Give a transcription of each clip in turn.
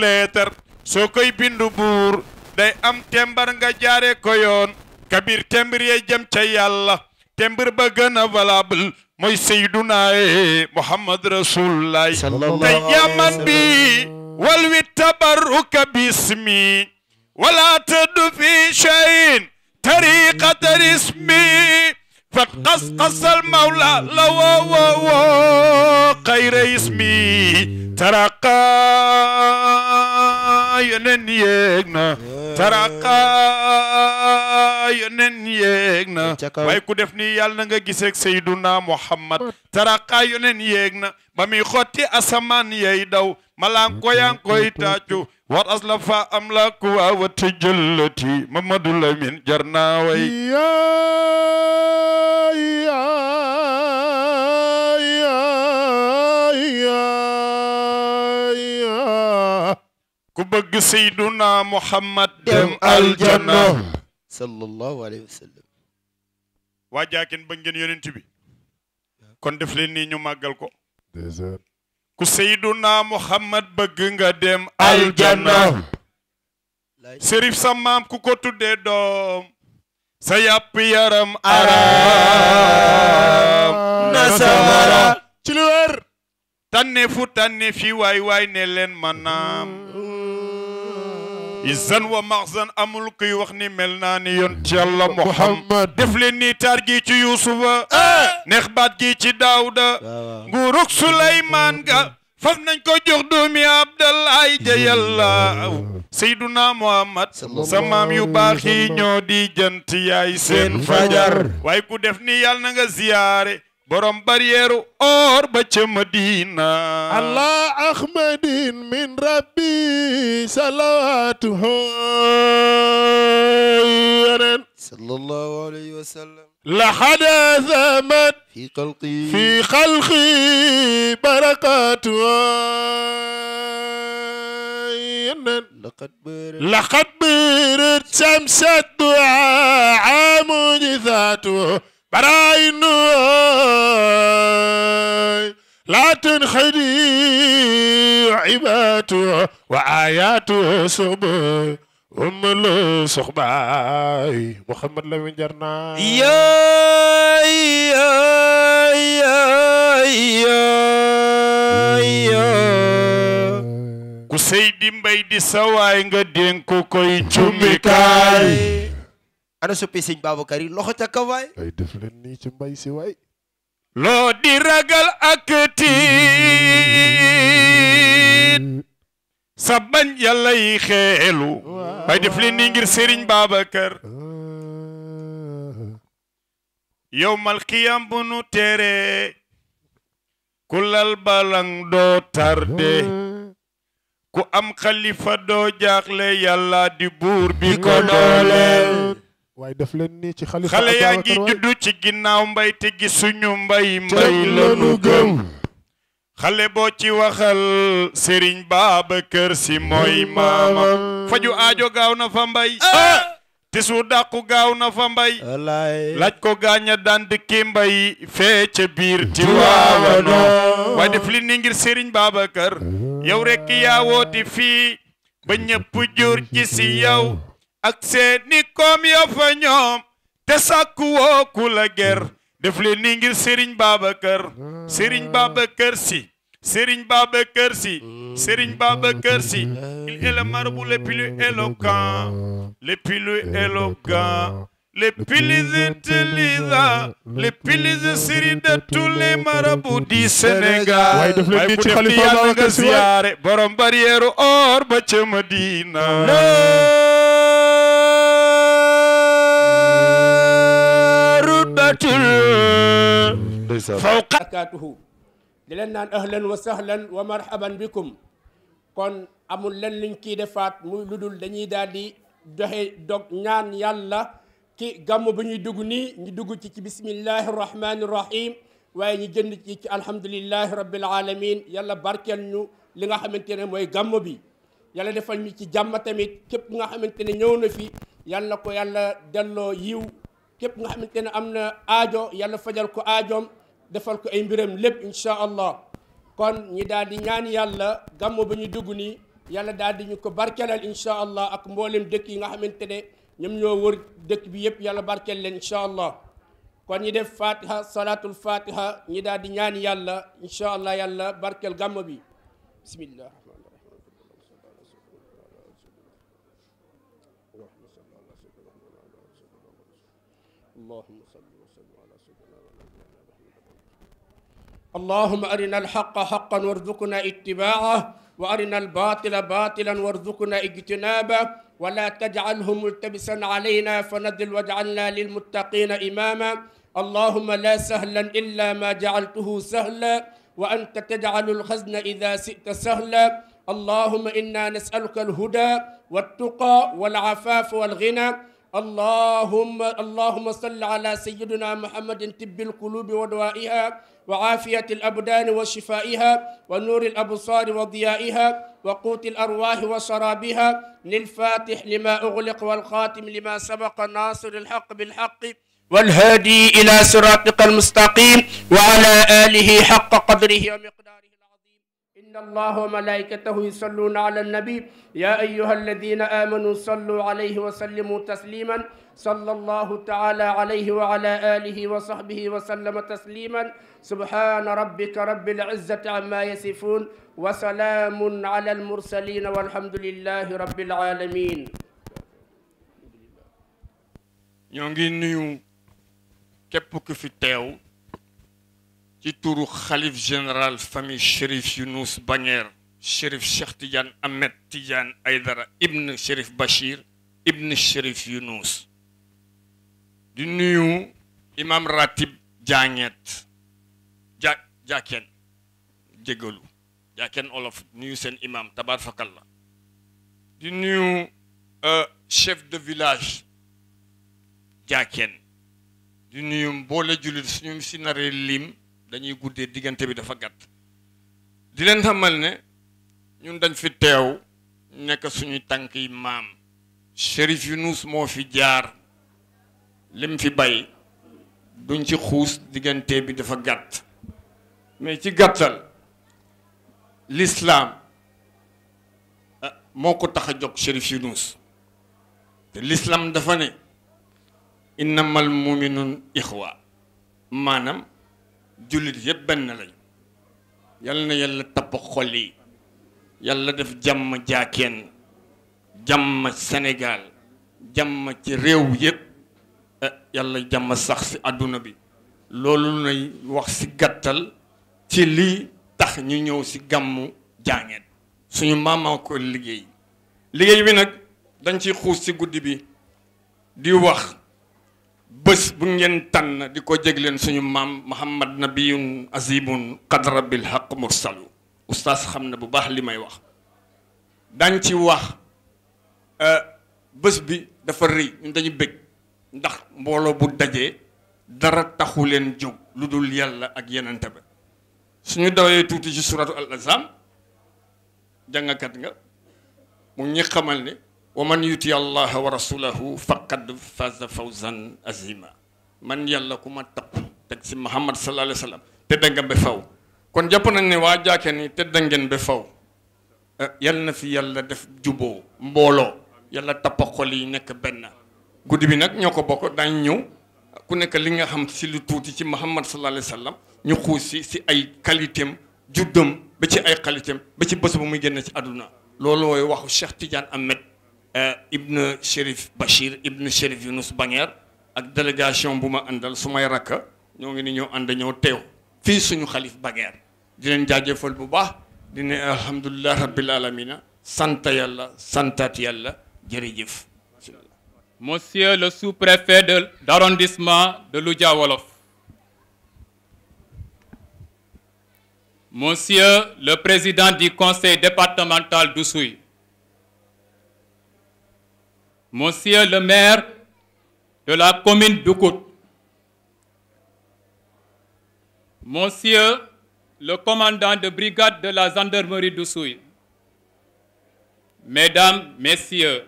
leetar soo koy bindu day am tembar nga jaare ko yoon kabir tembir ye jëm ca yàlla tembir ba gën a valable mooy seyduna e muhammad rasulullah te yaman bi walwi tabarruka bismi wala taddu fi shayin tariqata rismi فقد قصقص المولى لو خير اسمي ترقى ينن يغنا ترقى ينن يغنا واي كو دفني يالنا nga gis ak sayyiduna muhammad ترقى ينن يغنا بامي خوتي اسمان ياي داو ملان كو يان كوي تاچو war aslafa amlaku wa tijallati mamadou lamin jarna way bëgg sayduna muhammad dem aljanna sallallahu alayhi wa kon def leen nii ñu màggal ko ku sayduna muhammad bëgg nga dem aljanna sérif sa maam ku ko tuddee doom sa yàpp yaram araam na sawara ci fu tànne fi waay waay ne leen manaam mm. isan wa maxsan amul kuy wax ni mel naa ni yont yàlla muhammad def leen ni taar gi ci yuusufa eh! neex baat gi ci daawuda nguurug suleymaan ga faf nañ ko jox doomi abdalaay ja yàlla seyduna muhammad sa maam yu baax yi ñoo di jant yaay seen fajar waaye ku def ni yàlla na ziyaare borom barrière or ba ca Madina allah ahmadin min rabbi salawatuhu yoneen sallallahu alayhi wa sallam la xadaasa man fi xalqi fi xalqi barakaatu yoneen laqad birit samsat duaa mujizatuhu براين لا تنخدي عباته وآياته صبر أم الصخباي محمد لمن جرنا يا يا يا يا يا ku sey di mbay di sawaay nga dénk koy cumbi kaay ana soppe sëñ Babacar yi loxo ca kaw waay di ragal ak tiit sa bañ yàlla yi xeelu bay def leen nii ngir bu nu tere ku lal balang doo tarde ku am xalifa doo jaaxle yàlla di buur bi ko waaye def leen ni ci xale yaa ngi juddu ci ginnaaw mbay te gisuñu mbay mbay lanu gëm xale boo ci waxal Serigne kër Sy mooy maamam faju aajo gaaw na fa mbay ah! Ah! te su dàqu gaaw na fa mbay laaj ko gaaña daan dëkkee mbay fee ca biir ti waawanoo waaye def li ni ngir Serigne Babacar ah. yow rekk yaa wooti fii ba ñëpp jur ci si yaw ak seeni koom ya fa ñoom te sàkku woo ku la ger def leen ni ngir Serigne Babacar Serigne Babacar Sy Serigne Babacar Sy Serigne Babacar Sy il est le marabout le plus éloquent le plus éloquent le plus intelligent le plus sérieux de tous les marabouts du Sénégal waaye def leen ni ci Khalifa Babacar Sy ziyaare borom barrière or ba ca Madina fawqatuhu di leen naan ahlan wa sahlan wa marhaban bikum kon amul len liñ kii defaat muy lu dul dañuy daal di doxe dog ñaan yàlla ki gàmm bu ñuy dugg ni ñu dugg ci ci bismillahi rahmani rahim waaye ñu jënd ci ci alhamdulillahi rabbil alamin yàlla barkeel ñu li nga xamante ne mooy gàmm bi yàlla defal ñu ci jàmm tamit képp nga xamante ne ñëw na fi yàlla ko yàlla delloo yiw képp nga xamante ne am na aajo yàlla fajal ko aajoom defal ko ay mbiram lépp incha allah kon ñi daal di ñaan yàlla gàmmu ba ñu dugg nii yàlla daal di ñu ko barkelal incha allah ak mboolem dëkk yi nga xamante ne ñoom ñoo wër dëkk bi yëpp yàlla barkel leen incha allah kon ñi def fatiha salaatul fatiha ñi daal di ñaan yàlla incha allah yàlla barkel gàmmu bi bismillah اللهم صل وسلم على سيدنا ونبينا محمد اللهم أرنا الحق حقا وارزقنا اتباعه وأرنا الباطل باطلا وارزقنا اجتنابه ولا تجعله ملتبسا علينا فنذل واجعلنا للمتقين إماما اللهم لا سهلا إلا ما جعلته سهلا وأنت تجعل الخزن إذا شئت سهلا اللهم إنا نسألك الهدى والتقى والعفاف والغنى اللهم اللهم صل على سيدنا محمد طب القلوب ودوائها وعافية الأبدان وشفائها ونور الأبصار وضيائها وقوت الأرواح وشرابها للفاتح لما أغلق والخاتم لما سبق ناصر الحق بالحق والهادي إلى صراطك المستقيم وعلى آله حق قدره ومقداره إن الله وملائكته يصلون على النبي يا أيها الذين آمنوا صلوا عليه وسلموا تسليما صلى الله تعالى عليه وعلى آله وصحبه وسلم تسليما سبحان ربك رب العزة عما يصفون وسلام على المرسلين والحمد لله رب العالمين ñoo ngi nuyu képp ku fi teew ci turu xalif général famille Chérif Younous Bañeer Chérif Cheikh Tidiane Ahmed Tidiane Aydara ibn Chérif Bachir ibn Chérif Younous di nuyu imam ratib jaañeet ja jaakeen jégalu jaakeen olof nuyu seen imam tabaar fakal la di nuyu euh, chef de village jaakeen di nuyu mboole jullit suñu si naree lim dañuy guddee diggante bi dafa gàtt di leen xamal ne ñun dañ fi teew nekk suñuy tànk yi maam yu nuus moo fi jaar lim fi bay duñ ci xuus diggante bi dafa gàtt mais ci gàttal l'islaam euh, moo ko tax a jóg yu Yunus te l'islam dafa ne innamal muminun ixwa maanaam jullit yëpp benn lañ yal na yàlla tapp xoli yàlla def jàmm jaakeen jàmm Sénégal jàmm ci réew yëpp eh, yàlla jàmm sax ci àdduna bi loolu nay wax ci gàttal ci lii tax ñu ñëw ci gàmmu jàngeet suñu maamaa ko liggéey liggéey bi nag dañ ciy xuus si guddi bi di wax bës bu ngeen tànn di ko jégleen suñu maam Muhammad nabiyun azibun qadra bil haq mursalu oustaz xam na bu baax li may wax dañ ci wax euh, bés bi dafa rëy ñu dañu bëgg ndax mbooloo bu dajee dara taxu leen jóg lu dul yàlla ak yenente ba suñu dawee tuuti ci suratu al azam jàngakat nga mu ñi xamal ne wa man yuti allaha wa rasulahu faqad faza fawzan azima man yàlla ku ma tapp teg si muhammad sallallahu alayhi wa sallam tëdda faw kon jàpp nañ ne waa jaake ni tëdda ngeen ba faw eh, yal na fi yàlla def juboo mbooloo yalla tappa xol yi nekk benn guddi bi nag ñoo ko bokk daañ ñëw ku nekk li nga xam si lu tuuti ci muhammad sallallahu alayhi wa sallam ñu xuus si si ay qualité am juddam ba ci ay qualité am ci bés bu muy génn ci àdduna loolu mooy waxu Cheikh Tidiane Ahmed Eh, ibn Chérif Bachir ibn Chérif Yunus Bañeer ak délégation bu ma àndal su may rakk ñoo ngi ni ñoo ànd ñoo teew fii suñu xalif Bañeer di leen jaajëfal bu baax di ne alhamdulilah rabbil alamina sant yàlla santaat yàlla jërëjëf. Monsieur le sous-préfet de d'arrondissement de Loudia Wolof. Monsieur le président du conseil départemental d'Oussouye. Monsieur le maire de la commune d'Oukout, Monsieur le commandant de brigade de la gendarmerie d'Oussouye, Mesdames, Messieurs,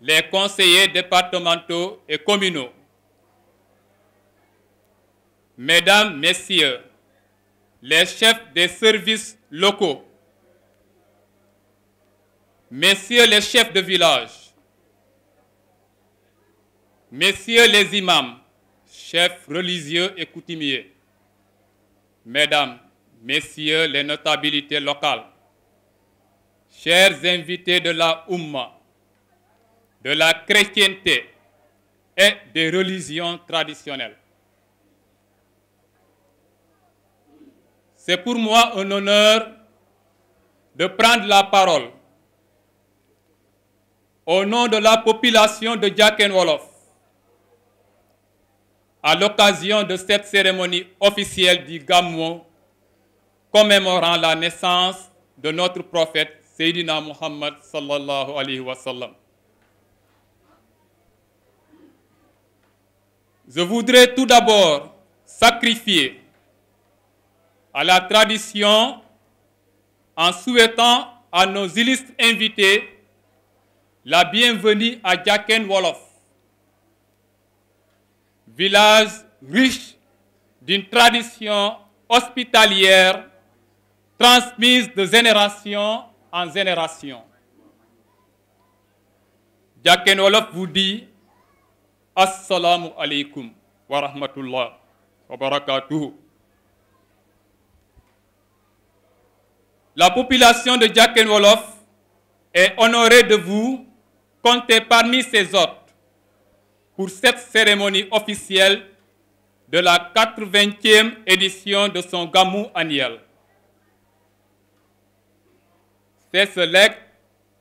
les conseillers départementaux et communaux, Mesdames, Messieurs, les chefs des services locaux, Messieurs les chefs de village, Messieurs les imams, chefs religieux et coutumiers, Mesdames, Messieurs les notabilités locales, chers invités de la Oumma, de la chrétienté et des religions traditionnelles. C'est pour moi un honneur de prendre la parole au nom de la population de Diaken Wolof à l'occasion de cette cérémonie officielle du Gamou commémorant la naissance de notre prophète Seydina Muhammad sallallahu alayhi wa sallam. Je voudrais tout d'abord sacrifier à la tradition en souhaitant à nos illustres invités la bienvenue à Jaken Wolof. village riche d'une tradition hospitalière transmise de génération en génération. Diakhen Wolof vous dit assalamu aleykum wa rahmatullah La population de Diakhen Wolof est honorée de vous compter parmi ses hôtes pour cette cérémonie officielle de la 80e édition de son Gamou annuel. C'est ce legs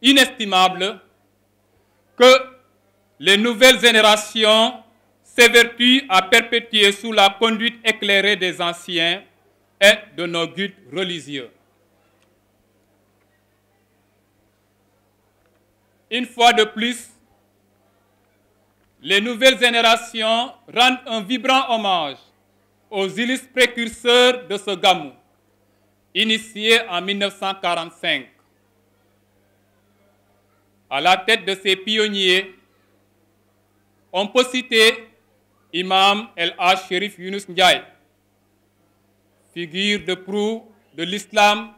inestimable que les nouvelles générations s'évertuent à perpétuer sous la conduite éclairée des anciens et de nos guides religieux. Une fois de plus, les nouvelles générations rendent un vibrant hommage aux illustres précurseurs de ce gamou, initié en 1945. À la tête de ces pionniers, on peut citer Imam El H. Sherif Yunus Ndiaye, figure de proue de l'islam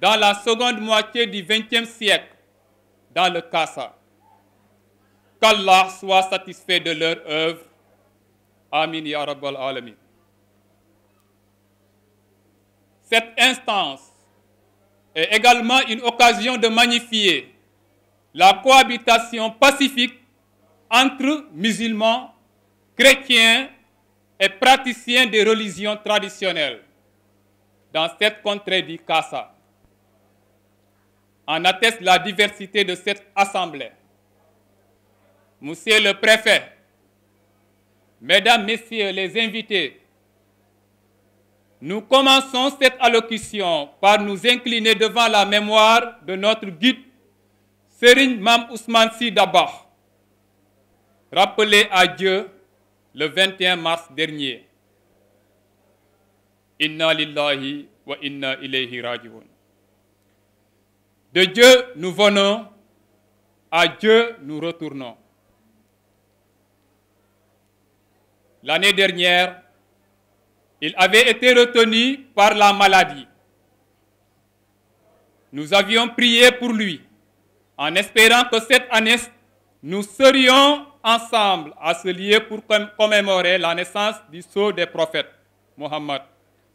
dans la seconde moitié du XXe siècle dans le Kassa. qu'Allah soit satisfait de leur œuvre amin ya rabbal alamin cette instance est également une occasion de magnifier la cohabitation pacifique entre musulmans chrétiens et praticiens des religions traditionnelles dans cette contrée du Kassa en atteste la diversité de cette assemblée Monsieur le préfet, Mesdames, Messieurs les invités, nous commençons cette allocution par nous incliner devant la mémoire de notre guide Serigne Mam Ousmane Sy Dabakh, rappelé à Dieu le 21 mars dernier. Inna lillahi wa inna ilayhi raji'un. De Dieu nous venons, à Dieu nous retournons. l'année dernière, il avait été retenu par la maladie. Nous avions prié pour lui en espérant que cette année, nous serions ensemble à ce lieu pour commémorer la naissance du sceau des prophètes, Mohammed,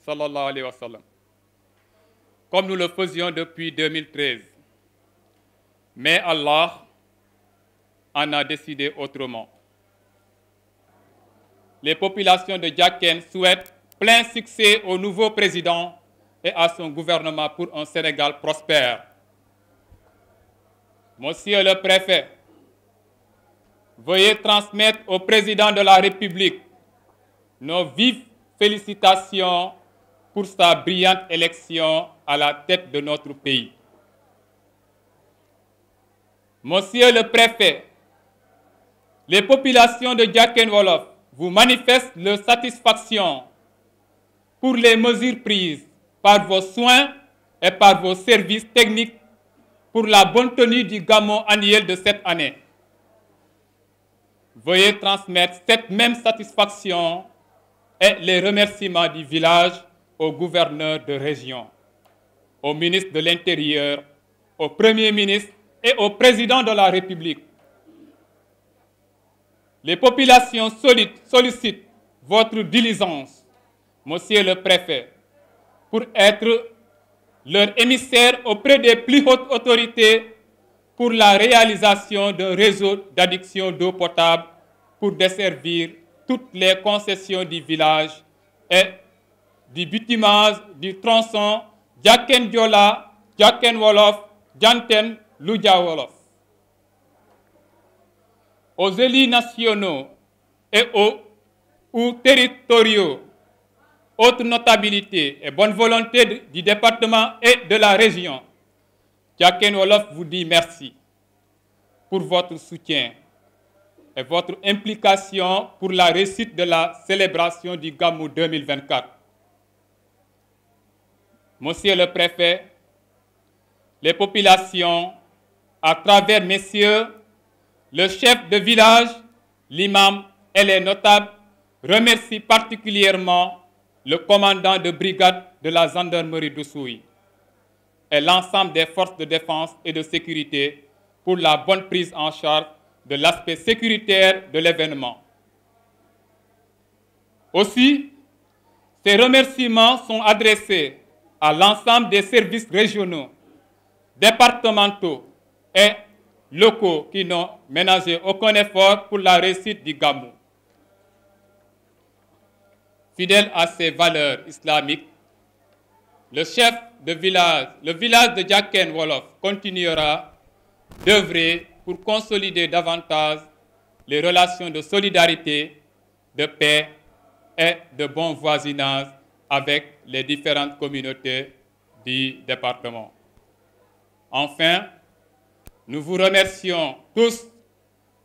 sallallahu alayhi wa sallam, comme nous le faisions depuis 2013. Mais Allah en a décidé autrement. les populations de Diaken souhaitent plein succès au nouveau président et à son gouvernement pour un Sénégal prospère. Monsieur le préfet, veuillez transmettre au président de la République nos vives félicitations pour sa brillante élection à la tête de notre pays. Monsieur le préfet, les populations de Diaken Wolof vous manifestent leur satisfaction pour les mesures prises par vos soins et par vos services techniques pour la bonne tenue du Gamon annuel de cette année. Veuillez transmettre cette même satisfaction et les remerciements du village au gouverneur de région, au ministre de l'Intérieur, au Premier ministre et au Président de la République Les populations sollicitent votre diligence, monsieur le préfet, pour être leur émissaire auprès des plus hautes autorités pour la réalisation d'un réseau d'addiction d'eau portable pour desservir toutes les concessions du village et du bitumage du tronçon Diaken Diola, Diaken Wolof, Janten, Loudia aux élus nationaux et aux ou territoriaux, haute notabilité et bonne volonté de, du département et de la région. Diakène Wolof vous dit merci pour votre soutien et votre implication pour la réussite de la célébration du Gamou 2024. Monsieur le préfet, les populations, à travers messieurs le chef de village, l'imam et les notables remercient particulièrement le commandant de brigade de la gendarmerie d'Oussouye et l'ensemble des forces de défense et de sécurité pour la bonne prise en charge de l'aspect sécuritaire de l'événement. Aussi, ces remerciements sont adressés à l'ensemble des services régionaux, départementaux et locaux qui n'ont ménagé aucun effort pour la réussite du Gamou. Fidèle à ses valeurs islamiques, le chef de village, le village de Jaken Wolof continuera d'œuvrer pour consolider davantage les relations de solidarité, de paix et de bon voisinage avec les différentes communautés du département. Enfin, Nous vous remercions tous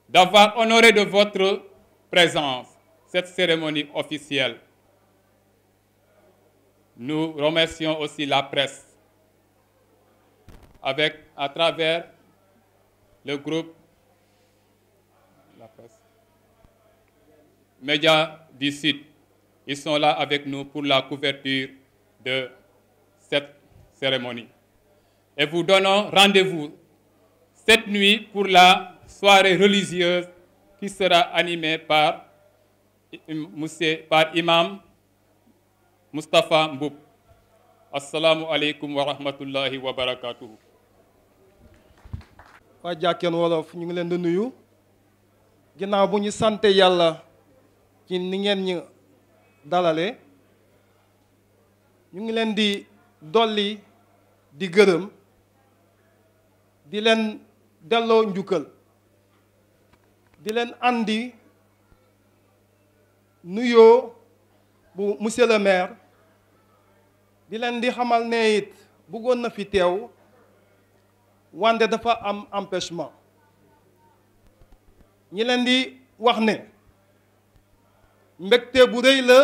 d'avoir honoré de votre présence cette cérémonie officielle. Nous remercions aussi la presse avec, à travers le groupe la Médias du Sud. Ils sont là avec nous pour la couverture de cette cérémonie. Et vous donnons rendez-vous cette nuit pour la soirée religieuse qui sera animée par monsieur par imam Moustapha Mboup asalaamu aleykum wa wa barakatuhu waa Jàkkeen Wolof ñu ngi leen di nuyu ginnaaw bu ñu sante yàlla ci ni ngeen ñu dalale ñu ngi leen di dolli di gërëm di leen delloo njukkal di leen andi nuyoo bu monsieur le maire di leen di xamal ne it bëggoon na fi teew wante dafa am empêchement ñi leen di wax ne mbégte bu rëy la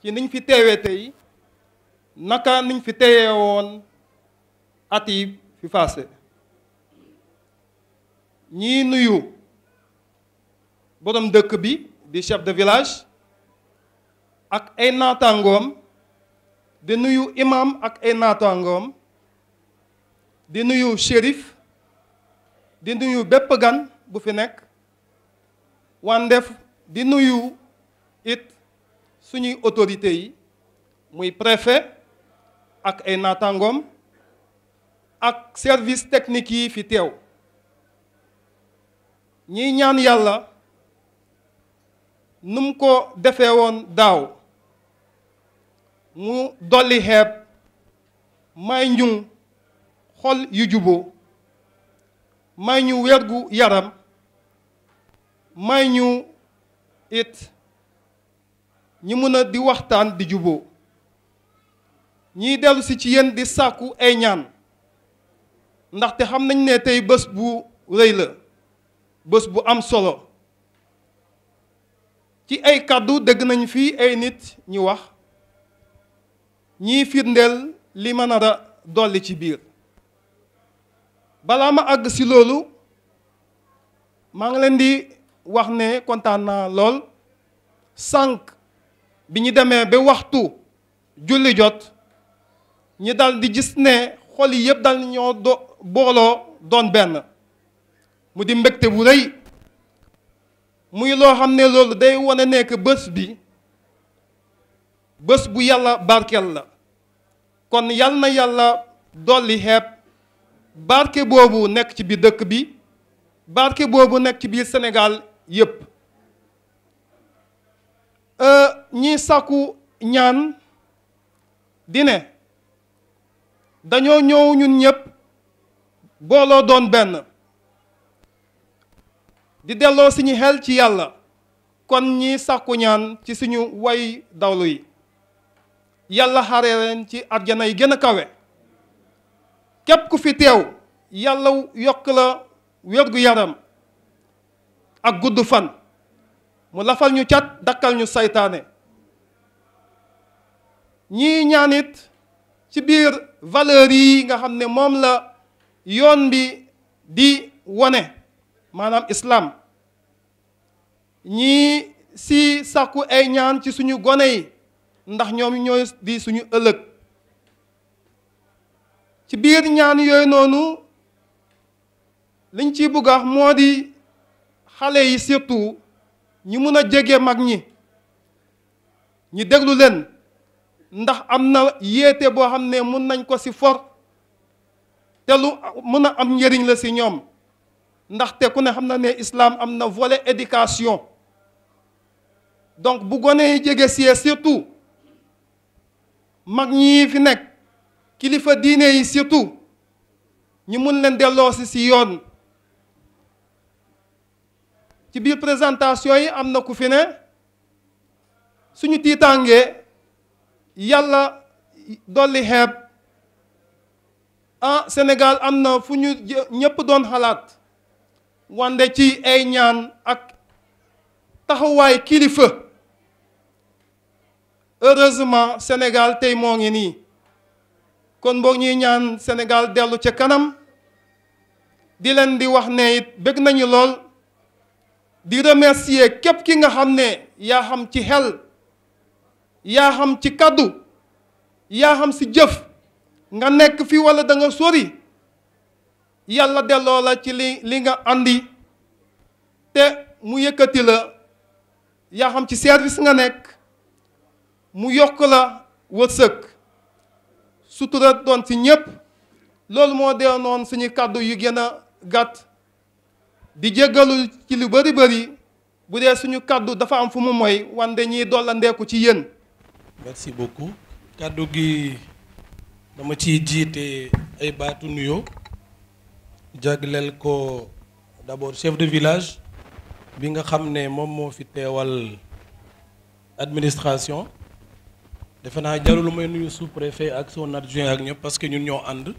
ci niñ fi teewee tey naka niñ fi teewee woon ati yi fi passé ñii nuyu borom dëkk bi di chef de village ak ay naataangoom di nuyu imam ak ay naataangoom di nuyu shérif di nuyu bépp gan bu fi nekk wandef di nuyu it suñuy autorités yi muy préfet ak ay naataangoom ak service technique yi fi teew ñiy ñaan yàlla num ko defee woon daaw mu dolli xeeb may ñu xol yu juboo may ñu wergu yaram may ñu it ñi mën a di waxtaan di juboo ñiy dellu si ci yéen di sàkku ay ñaan ndaxte xam nañ ne tey bés bu rëy la bés bu am solo ci ay kàddu dégg nañu fii ay nit ñu wax ñiy firndeel li ma nar dolli ci biir balaa ma àgg si loolu maa ngi leen di wax ne kontaan naa lool sànq bi ñu demee ba waxtu julli jot ñi daldi gis ne xol yi yëpp dal ñoo do booloo doon benn mu di mbégte bu rëy muy loo xam ne loolu day wane nekk bés bi bés bu yàlla barkel la kon yal na yàlla dolli xeeb barke boobu nekk ci biir dëkk bi barke boobu nekk ci biir Sénégal yépp euh, ñi sàkku ñaan di ne dañoo ñëw ñun ñëpp booloo doon benn di delloo suñu xel ci yàlla kon ñi sàkku ñaan ci suñu way dawlu yi yàlla xare ci arjana yi gën a kawe képp ku fi teew yàlla yokk la wér-gu-yaram ak gudd fan mu lafal ñu cat dakkal ñu saytaane ñii ñaanit ci biir valeurs yi nga xam ne moom la yoon bi di wone maanaam islam ñii si sàkku ay ñaan ci suñu gone yi ndax ñoom ñooy di suñu ëllëg ci biir ñaan yooyu noonu liñ ciy bëgg moo di xale yi surtout ñu mun a jege mag ñi ñu déglu leen ndax am na yéete boo xam ne mun nañ ko si for te lu mun a am njëriñ la si ñoom ndaxte ku ne xam na ne islam am na vole éducation donc bu gone yi jege si surtout mag ñi fi nekk kilifa diine yi surtout ñu mun leen delloosi si yoon ci biir présentation yi am na ku fi ne suñu tiitaangee yàlla dolli xeeb a ah, Sénégal am na fu ñu ñëpp doon xalaat wande ci ay ñaan ak taxawaay kilifa heureusement Sénégal tey moo ngi nii kon boog ñuy ñaan Sénégal dellu ca kanam di leen di wax ne it bëgg nañu lool di remercier képp ki nga xam ne yaa xam ci xel yaa xam ci kaddu yaa xam si jëf nga nekk fii wala da nga sori yàlla delloo la ci li li nga andi te mu yëkkati la yaa xam ci service nga nekk mu yokk la wërsëg sutura doon si ñépp loolu moo dee noonu suñu kàddu yu gën a gàtt di jéggalu ci lu bari bari bu dee suñu kàddu dafa am fu mu mooy wande ñiy dollandeeku ci yéen merci beaucoup kàddu gi dama ciy jiite ay baatu nuyoo jagleel ko d'abord chef de village bi nga xam ne moom moo fi teewal administration defe naa jarul may nuyu sous-préfet ak son juin ak ñëpp parce que ñun ñoo ànd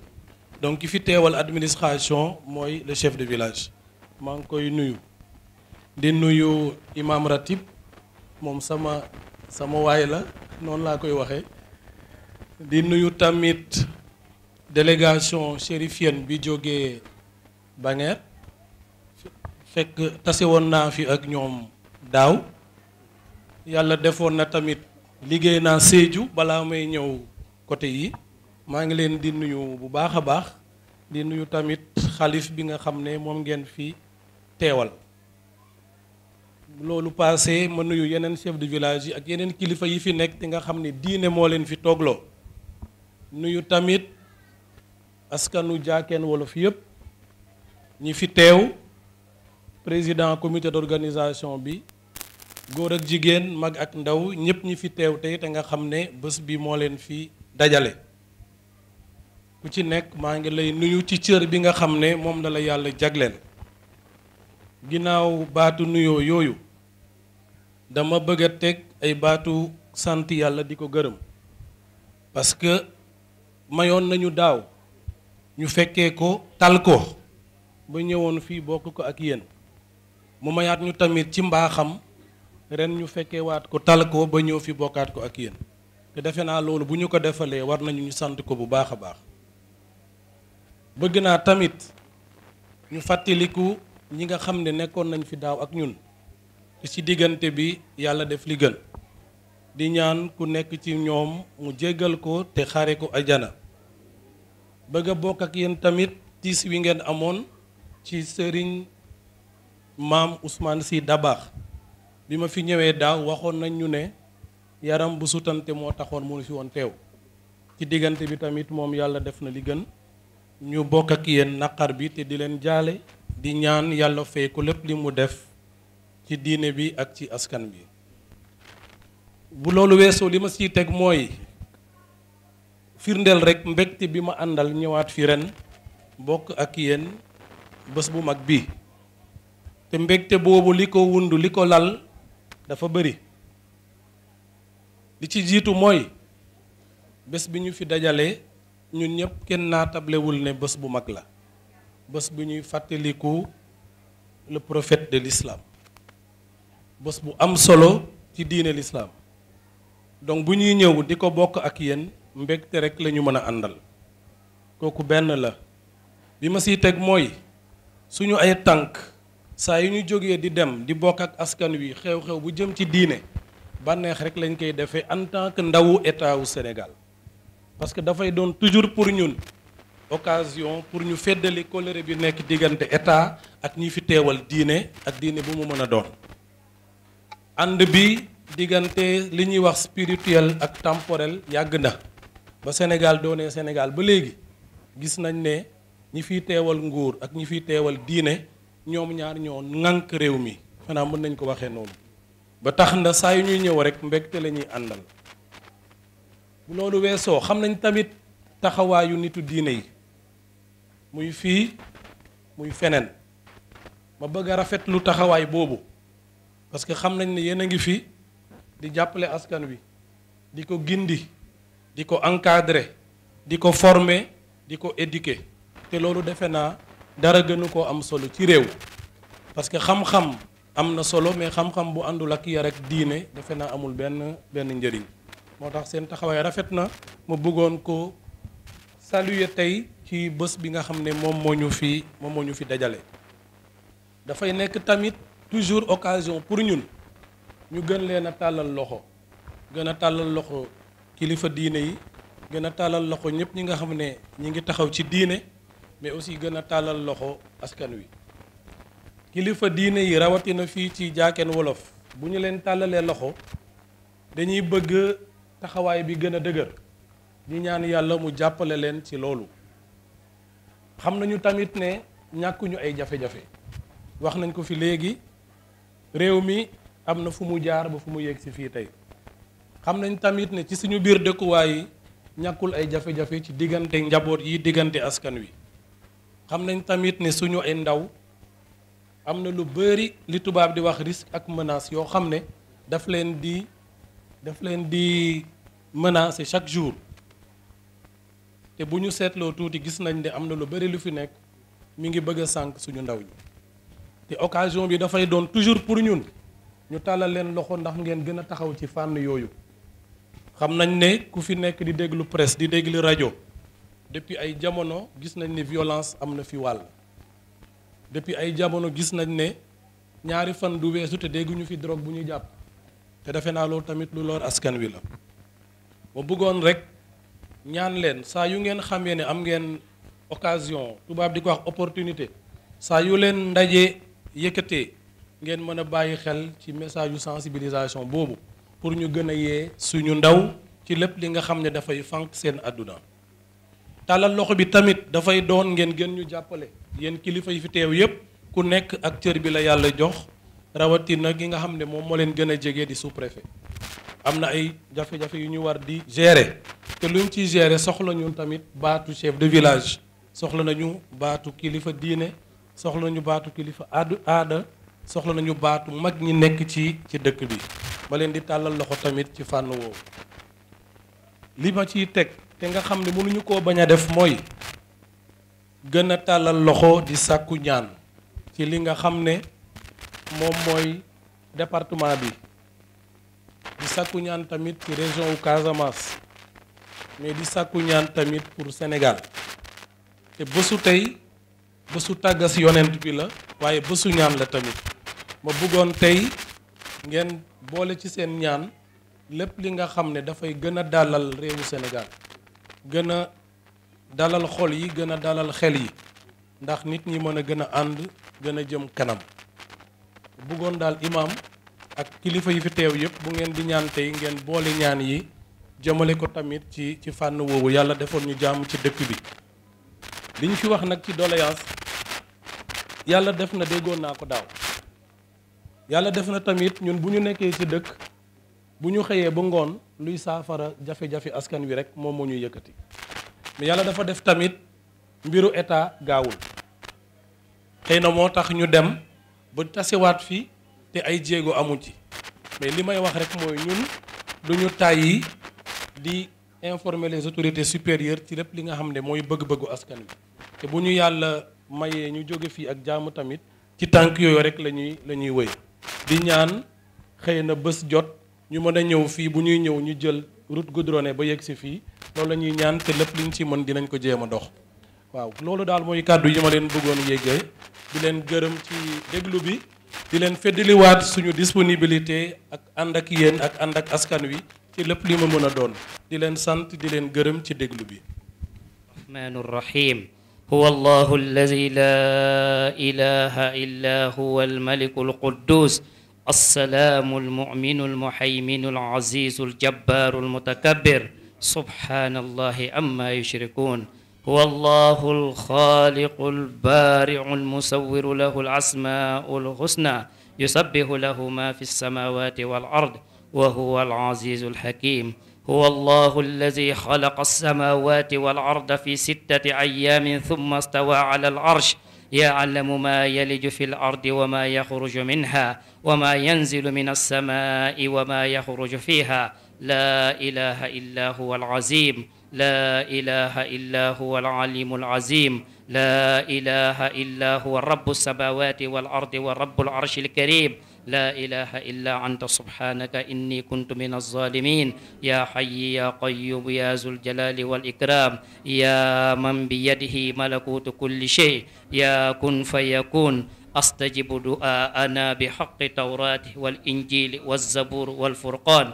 donc ki fi teewal administration mooy le chef de village maa ngi koy nuyu di nuyu imam ratib moom sama sama waay la noonu laa koy waxee di nuyu tamit délégation chérifienne bi jógee Banger fekk tase woon naa fi ak ñoom daaw yàlla defoon na tamit liggéey naa Sédhiou balaa may ñëw côté yi maa ngi leen di nuyu bu baax a baax di nuyu tamit xalif bi nga xam ne moom ngeen fi teewal loolu passé ma nuyu yeneen chef de village yi ak yeneen kilifa yi fi nekk te nga xam ne diine moo leen fi toogloo nuyu tamit askanu jaakeen wolof yëpp ñi fi teew président comité d'organisation bi góor ak jigéen mag ak ndaw ñëpp ñi fi teew tey te nga xam ne bés bi moo leen fi dajale ku ci nekk maa ngi lay nuyu ci cër bi nga xam ne moom la yàlla jagleen ginnaaw baatu nuyoo yooyu dama bëgg a teg ay baatu sant yàlla di ko gërëm parce que mayoon nañu daaw ñu fekkee ko tal ko ba ñëwoon fii bokk ko ak yéen mu mayaat ñu tamit ci mbaaxam ren ñu fekkewaat ko tal ba ñëw fi bokkaat ko ak yéen te defe naa loolu bu ñu ko defalee war nañu ñu sant ko bu baax a baax bëgg naa tamit ñu fàttaliku ñi nga xam ne nekkoon nañ fi daaw ak ñun te ci diggante bi yàlla def li gën di ñaan ku nekk ci ñoom mu jéggal ko te xare ko ajana bëgg a bokk ak yéen tamit tiis wi ngeen amoon ci sëriñ maam usmaan si Dabakh bi ma fi ñëwee daaw waxoon nañ ñu ne yaram bu suutante moo taxoon mënu fi woon teew ci diggante bi tamit moom yàlla def na li gën ñu bokk ak yéen naqar bi te di leen jaale di ñaan yàlla fay lépp li mu def ci diine bi ak ci askan bi bu loolu weesoo li ma siy teg mooy firndeel rekk mbégte bi ma àndal ñëwaat fi ren bokk ak yéen bés bu mag bi te mbegte boobu li ko wund li ko lal dafa bari li ci jiitu mooy bés bi ñu fi dajalee ñun ñëpp kenn naa tablewul ne bés bu mag la bés bi ñuy fàttaliku le prophète de l'islam bés bu am solo ci diine lislaam donc bu ñuy ñëw di ko bokk ak yéen mbégte rek lañu mën a àndal kooku benn la bi ma siy teg mooy suñu ay tànk saa yu ñu jógee di dem di bokk ak askan wi xew-xew bu jëm ci diine bànneex rek lañ koy defee en tant que ndawu état wu Sénégal parce que dafay doon toujours pour ñun occasion pour ñu feddali colère bi nekk diggante état ak ñi fi teewal diine ak diine bu mu mën a doon ànd bi diggante li ñuy wax spirituel ak temporel yàgg na ba Sénégal doonee Sénégal ba léegi gis nañ ne ñi fi teewal nguur ak ñi fi teewal diine ñoom ñaar ñoo ŋànk réew mi xanaa mën nañ ko waxee noonu ba tax nda saa yu ñuy ñëw rek mbégte la ñuy àndal bu loolu weesoo xam nañ tamit taxawaayu nitu diine yi muy fii muy feneen ma bëgg a rafet lu taxawaay boobu parce que xam nañ ne yéen a ngi fi di jàppale askan wi di ko gindi di ko encadrer di ko former di ko éduquer te loolu defe naa dara gënu koo am solo ci réew parce que xam-xam am na solo mais xam-xam bu àndul ak yar ak diine defe naa amul benn benn njëriñ moo tax seen taxawaay rafet na ma bëggoon ko saluer tey ci bés bi nga xam ne moom moo ñu fi moom moo ñu fi dajale dafay nekk tamit toujours occasion pour ñun ñu gën leen a tàllal loxo gën a tàllal loxo kilifa diine yi gën a tàllal loxo ñëpp ñi nga xam ne ñi ngi taxaw ci diine mais aussi gën a tàllal loxo askan wi kilifa diine yi rawatina fii ci jaaken wolof bu ñu leen tàllalee loxo dañuy bëgg taxawaay bi gën a dëgër ñu ñaan yàlla mu jàppale leen ci loolu xam nañu tamit ne ñàkkuñu ay jafe-jafe wax nañ ko fi léegi réew mi am na fu mu jaar ba fu mu yegg si fii tey xam nañ tamit ne ci suñu biir dëkkuwaay yi ñàkkul ay jafe-jafe ci diggante njaboot yi diggante askan wi xam nañ tamit ne suñu ay ndaw am na lu bëri li tubaab di wax risque ak menace yoo xam ne daf leen di daf leen di menacer chaque jour te bu ñu seetloo tuuti gis nañ ne am na lu bëri lu fi nekk mu ngi bëgg a sànq suñu ndaw ñi te occasion bi dafay doon toujours pour ñun ñu tàllal leen loxo ndax ngeen gën a taxaw ci fànn yooyu xam nañ ne ku fi nekk di déglu presse di déglu rajo depuis ay jamono gis nañ ni violence am na fi wàll depuis ay jamono gis nañ ne ñaari fan du weesu te dégguñu fi drogue bu ñuy jàpp te defe naa loolu tamit lu lor askan wi la ma bëggoon rek ñaan leen saa yu ngeen xamee ne am ngeen occasion tubaab di ko wax opportunité saa yu leen ndaje yëkkatee ngeen mën a bàyyi xel ci message yu sensibilisation boobu pour ñu gën a yee suñu ndaw ci lépp li nga xam ne dafay fànq seen àdduna tàllal loxo bi tamit dafay doon ngeen gën ñu jàppale yéen kilifa yi fi teew yépp ku nekk ak cër bi la yàlla jox rawatina gi nga xam ne moom moo leen gën a jege di sous-préfet am na ay jafe-jafe yu ñu war di gérer te luñ ci gere soxla ñun tamit baatu chef de village soxla nañu baatu kilifa diine soxla ñu baatu kilifa aadu aada soxla nañu baatu mag ñi nekk ci ci dëkk bi ma leen di tàllal loxo tamit ci fànn woowu li ma ciy teg te nga xam ne mënuñu koo bañ a def mooy gën a tàllal loxo di sàkku ñaan ci li nga xam ne moom mooy département bi di sàkku ñaan tamit ci région wu Casamance mais di sàkku ñaan tamit pour Sénégal te bésu tey bésu tàggas yonent bi la waaye bésu ñaan la tamit ma bëggoon tey ngeen boole ci seen ñaan lépp li nga xam ne dafay gën a dalal réewu Sénégal gën a dalal xol yi gën a dalal xel yi ndax nit ñi mën a gën a ànd gën a jëm kanam bëggoon daal imaam ak kilifa yi fi teew yëpp bu ngeen di ñaan tey ngeen boole ñaan yi jëmale ko tamit ci ci fànn woowu yàlla defoon ñu jàmm ci dëkk bi li ñu fi wax nag ci doléance yàlla def na déggoon naa ko daaw yàlla def na tamit ñun bu ñu nekkee ci dëkk bu ñu xëyee ba ngoon luy saafara jafe-jafe askan wi rek moom moo ñuy yëkkati mais yàlla dafa def tamit mbiru état gaawul xëy na moo tax ñu dem ba tasewaat fi te ay jéego amu ci mais li may wax rek mooy ñun lu ñu tàyyi di informer les autorités supérieures ci lépp li nga xam ne mooy bëgg-bëggu askan wi te bu ñu yàlla mayee ñu jóge fii ak jaamu tamit ci tànk yooyu rek la ñuy la ñuy wëy di ñaan xëy na bés jot ñu mën a ñëw fii bu ñuy ñëw ñu jël route goudronnée ba yegg si fii loolu la ñuy ñaan te lépp liñ ci mën dinañ ko jéem a dox waaw loolu daal mooy kàddu yi ma leen bëggoon yéggee di leen gërëm ci déglu bi di leen feddaliwaat suñu disponibilité ak ànd ak yéen ak ànd ak askan wi ci lépp li ma mën a doon di leen sant di leen gërëm ci déglu bi rahmaan rahim huwa allahu alladi la ilaha illa huwa almaliku alquddus السلام المؤمن المهيمن العزيز الجبار المتكبر سبحان الله أما يشركون هو الله الخالق البارع المصور له الأسماء الحسنى يسبح له ما في السماوات والأرض وهو العزيز الحكيم هو الله الذي خلق السماوات والأرض في ستة أيام ثم استوى على العرش يعلم ما يلج في الأرض وما يخرج منها وما ينزل من السماء وما يخرج فيها لا إله إلا هو العظيم لا إله إلا هو العليم العظيم لا إله إلا هو رب السماوات والأرض ورب العرش الكريم لا إله إلا أنت سبحانك إني كنت من الظالمين يا حي يا قيوم يا ذو الجلال والإكرام يا من بيده ملكوت كل شيء يا كن فيكون أستجب دعاءنا بحق توراته والإنجيل والزبور والفرقان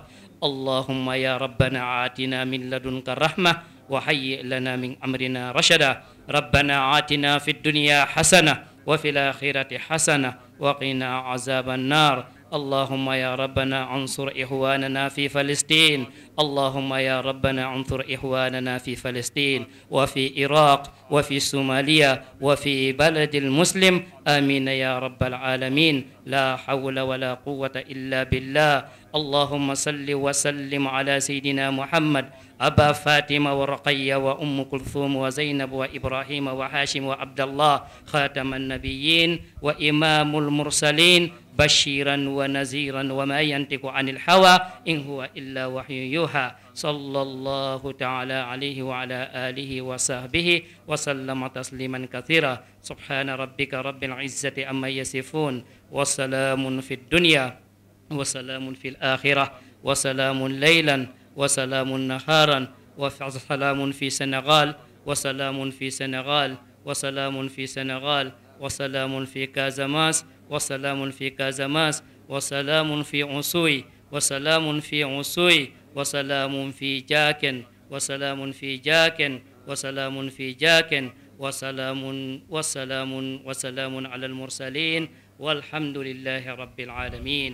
اللهم يا ربنا آتنا من لدنك الرحمة وهيئ لنا من أمرنا رشدا ربنا آتنا في الدنيا حسنة وفي الآخرة حسنة وقنا عذاب النار اللهم يا ربنا انصر إخواننا في فلسطين اللهم يا ربنا انصر إخواننا في فلسطين وفي العراق وفي صوماليا وفي بلد المسلم آمين يا رب العالمين لا حول ولا قوة إلا بالله اللهم صل وسلم على سيدنا محمد أبا فاطمة ورقية وأم كلثوم وزينب وإبراهيم وهاشم وعبد الله خاتم النبيين وإمام المرسلين بشيرا ونذيرا وما ينطق عن الحوى إن هو إلا وحي يوحى صلى الله تعالى عليه وعلى آله وصحبه وسلم تسليما كثيرا سبحان ربك رب العزة أما يصفون وسلام في الدنيا وسلام في الآخرة وسلام ليلا وسلام نهارا وسلام في سنغال وسلام في سنغال وسلام في سنغال وسلام في كازاماس وسلام في كازاماس وسلام في عسوي وسلام في عسوي وسلام في جاكن وسلام في جاكن وسلام في جاكن وسلام وسلام وسلام على المرسلين والحمد لله رب العالمين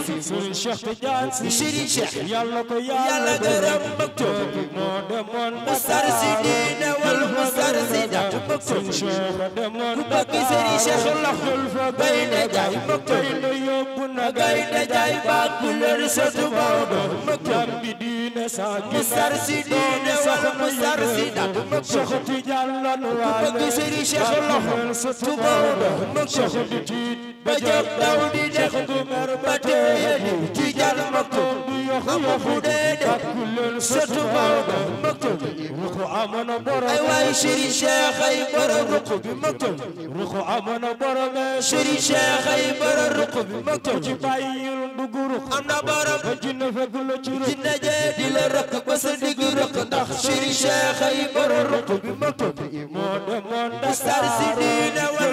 Serigne Cheikh Tidiane Sy Serigne Cheikh yàlla ko yàlla gërëm bëgg moo demoon musar si diine wal musar si dat bëgg Serigne Cheikh demoon ku bëgg Serigne Cheikh loxul fa gaynde jaay bëgg gaynde yóbbu na gaynde jaay baat bu lër sëtu Maodo bëgg jam bi diine saa musar si diine wal musar si dat bëgg Cheikh Tidiane lan waale ku bëgg Serigne Cheikh loxul sëtu Maodo bëgg Cheikh di tiit ba jëm daw di يخدم ربته تجار مكتوب مفود ست مكتوب رخو عمنا برم أيوة شري شيخي برم رقب مكتوب رخو عمنا برم شري شيخي برم رقب مكتوب جبايل بقرق أمنا برم جنة فقل جنة جدي لرق بس دقرق دخ شري شيخي برم رقب مكتوب إيمان من دستار سنين ولا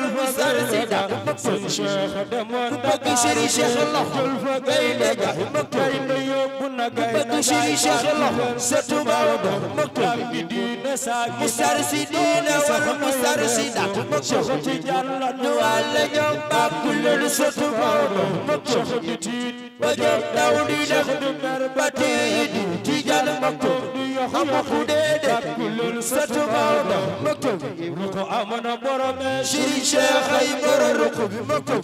sida sëriñ Cheikh demoon na bëgg sëriñ Cheikh loxo ngay léegi tey na yóbbu na gay na bëgg sëriñ Cheikh loxo sëtu Maodo moktal bi diine saa mu sar si diine wax mu sar si dat Cheikh ci jàlla ñu wàlle ñoom bàkku leen sëtu Maodo Cheikh di tiit ba jëm daw di def ba tey di ci jàll moktal xamuku déedé sëtu Maodo mbokk yi ruko amana jinne fekk la ci ruko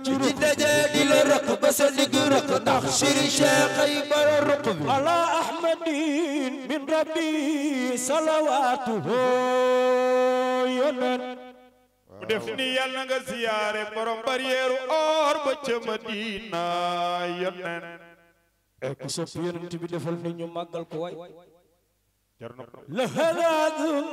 ci daje di la rëq ba sa digg rëq ndax Serigne Cheikh ay borom ahmadin min rabbi salawaatuhu yonen ku sopp yonent bi defal ni ñu màggal ko waay la halaadu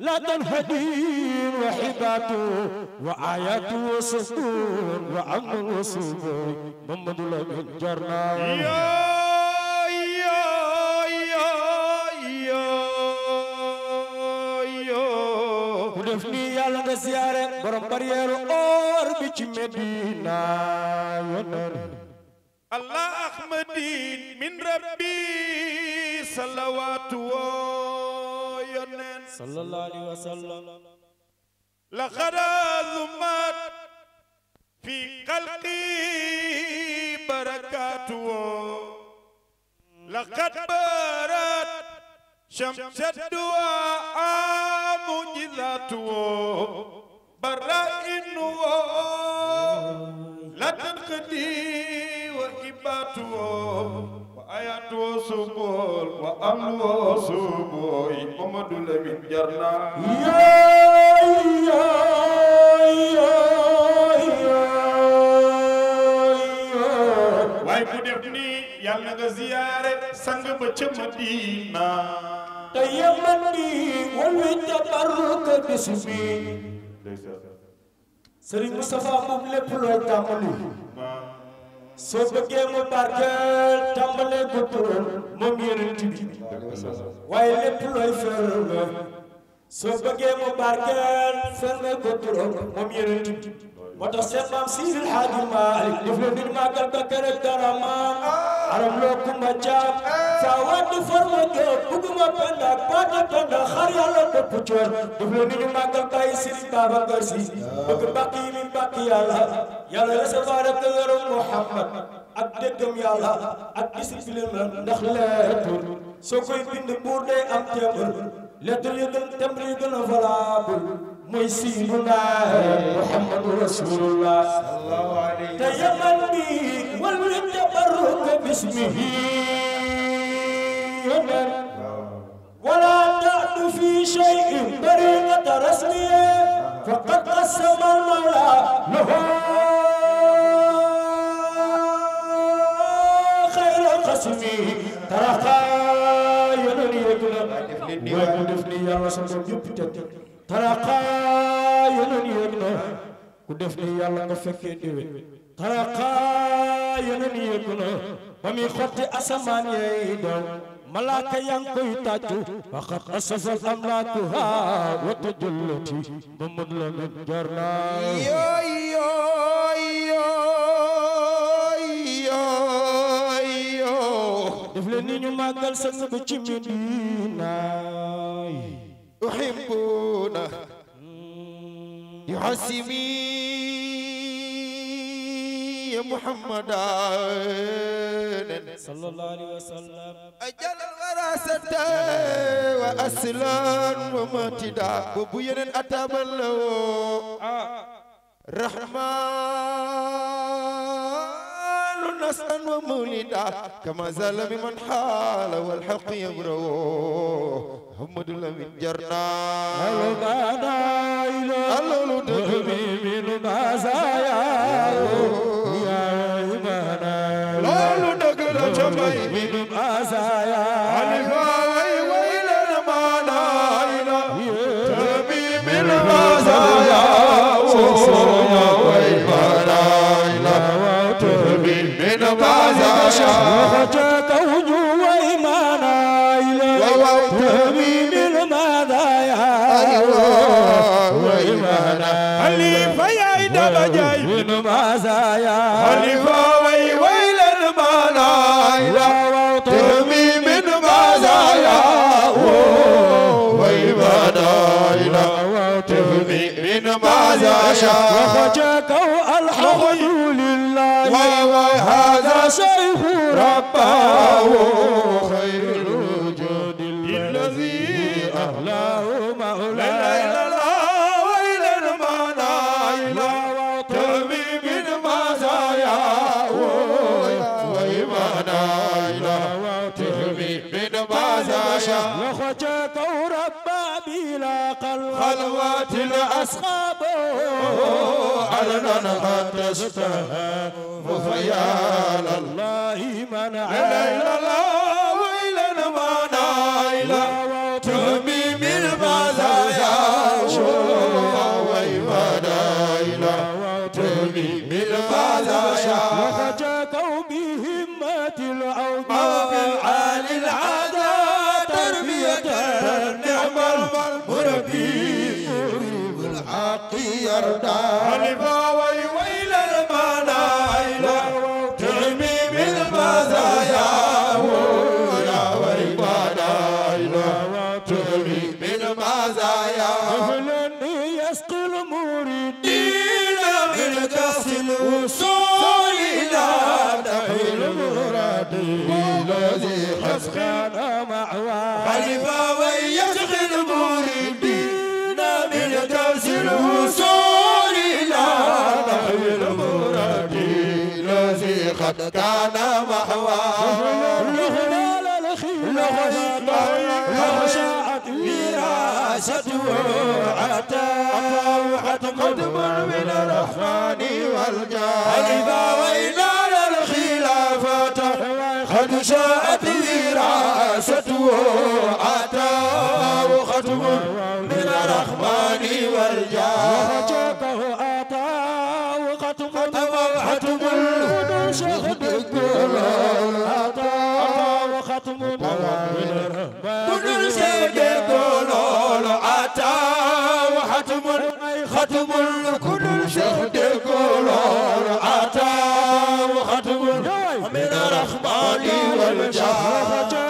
لدن هدين وحباته وآياته وسطور وعمل وسطور محمد لمن جرنا يا يا يا يا ودفني يا لنا زيارة برم بريرو أور بيش مدينة ينر الله أحمدين من ربي صلواته sallallahu alayhi wa sallam لقد زمت في قلبي بركاته لقد برت شمس الدعاء معجزاته برائنه لا تنقدي sant woo suubool wa am woo suubooy Amadu Lamin jarna yaay yaay yaay waaye ku def nii yàlla nga ziyaare sang ba ca Madina te yemal di wala tabarruka bismi Sëriñ Moustapha moom lépp loo tàmbali soo bëggee mu barkeel tàmbalee ko turam moom yonent bi waaye lépp looy feeral la soo bëggee mu barkeel fermee ko turam moom yonent bi moo tax Seex Maam Seydi El Hadji Malick def leen di màggal ba keroog dara maam aram loo kumba caam saa wàdd forma jóob bugguma penda ak paata penda xar yàlla bopp coor def leen di màggal bàyyi Sëriñ Babacar Si bëgg bàkk yi mi bàkk yàlla yàlla recevoir ak yorom Muhammad ak dëggam yàlla ak discipline la ndax leetul soo koy bind buur day am témbal lettre yu gën témbal yu gën a valable mooy sayyiduna Muhammadu Rasulullah tayaman bi wal tabarruk bismihi ولا تعد في شيء طريقة رسمية فقد قسم المولى له خير قسمه ترى خير يدنا ويدفني يا رسول الله xaraqaa yeneen yéeg na ku def ni yàlla nga fekkee déwén xaraqaa yeneen yéeg na ba muy xotti asamaan yeey daw malaaka yaa ngi koy tàccu waxat asafal am naa tu haa wata jullati ba mut la nag jar يحبون يعصمي محمدا صلى الله عليه وسلم أجل الوراثة وأسلا وماتدا وبينا أتابا له رحمن نسلا ومولدا كما زال بمن حال والحق يبرو محمد لمن جرنا الغانا الولد من بازايا يا إيمانا الولد من بازايا Oh, المزايا من قد اشتهى فيا لله من على الله ويلنا ما نايلا تميم المزايا شوفا ويمنايلا تميم المزايا وخجا قومي همة العوض بالعالي العادة تربية النعمة المربي مريب الحق يرضى أتاه ختم من الرحمن والجاه أتاه ختم ختم شهد الدول أتاه ختم من الرحمن الدول أتاه ختم ختم كل شهد الدول أتاه ختم من الرحمن والجاه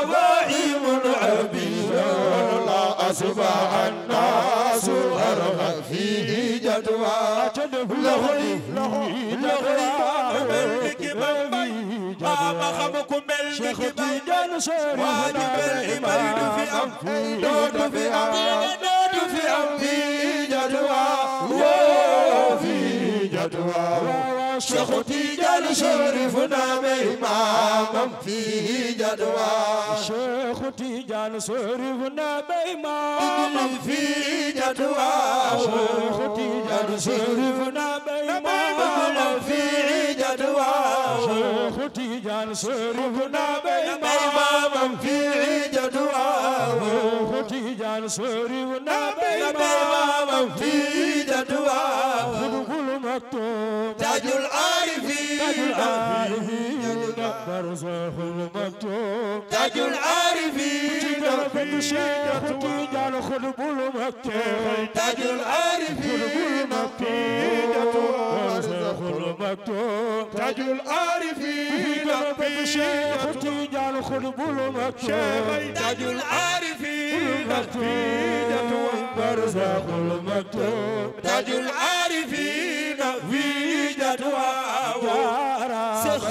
سبع الناس غرق فيه جدوى لغري لغري ملك بمبي ما خبكم ملك بمبي وادي بالعبيد في أمفي دود في أمفي دود في أمفي جدوى وفي جدوى Cheikh Tidiane sharifuna be imamam fi jadwa Cheikh Tidiane sharifuna be imamam fi jadwa Cheikh Tidiane sharifuna be imamam fi jadwa Cheikh Tidiane sharifuna be imamam fi jadwa Cheikh Tidiane sharifuna be imamam fi jadwa Khudul maktum tajul تاج العارفين برزخ المكتوم تاج العارفين ربك شيخ تجعل خلب المكتوم تاج العارفين برزخ المكتوم تاج العارفين ربك شيخ تجعل خلب المكتوم تاج العارفين برزخ المكتوم تاج العارفين فيدة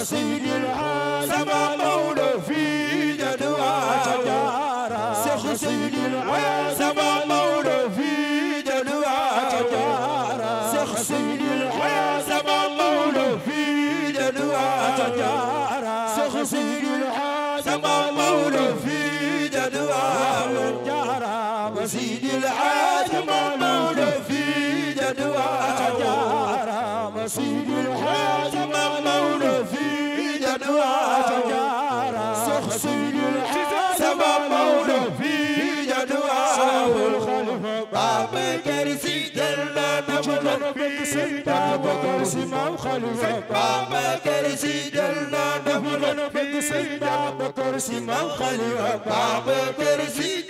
سيدي العالم مولى في جدوى شجارة سيدي العالم مولى na bëgg si Babacar Si maam Xalifa Babacar Si jël na bëgg si Babacar Si maam Xalifa Babacar Si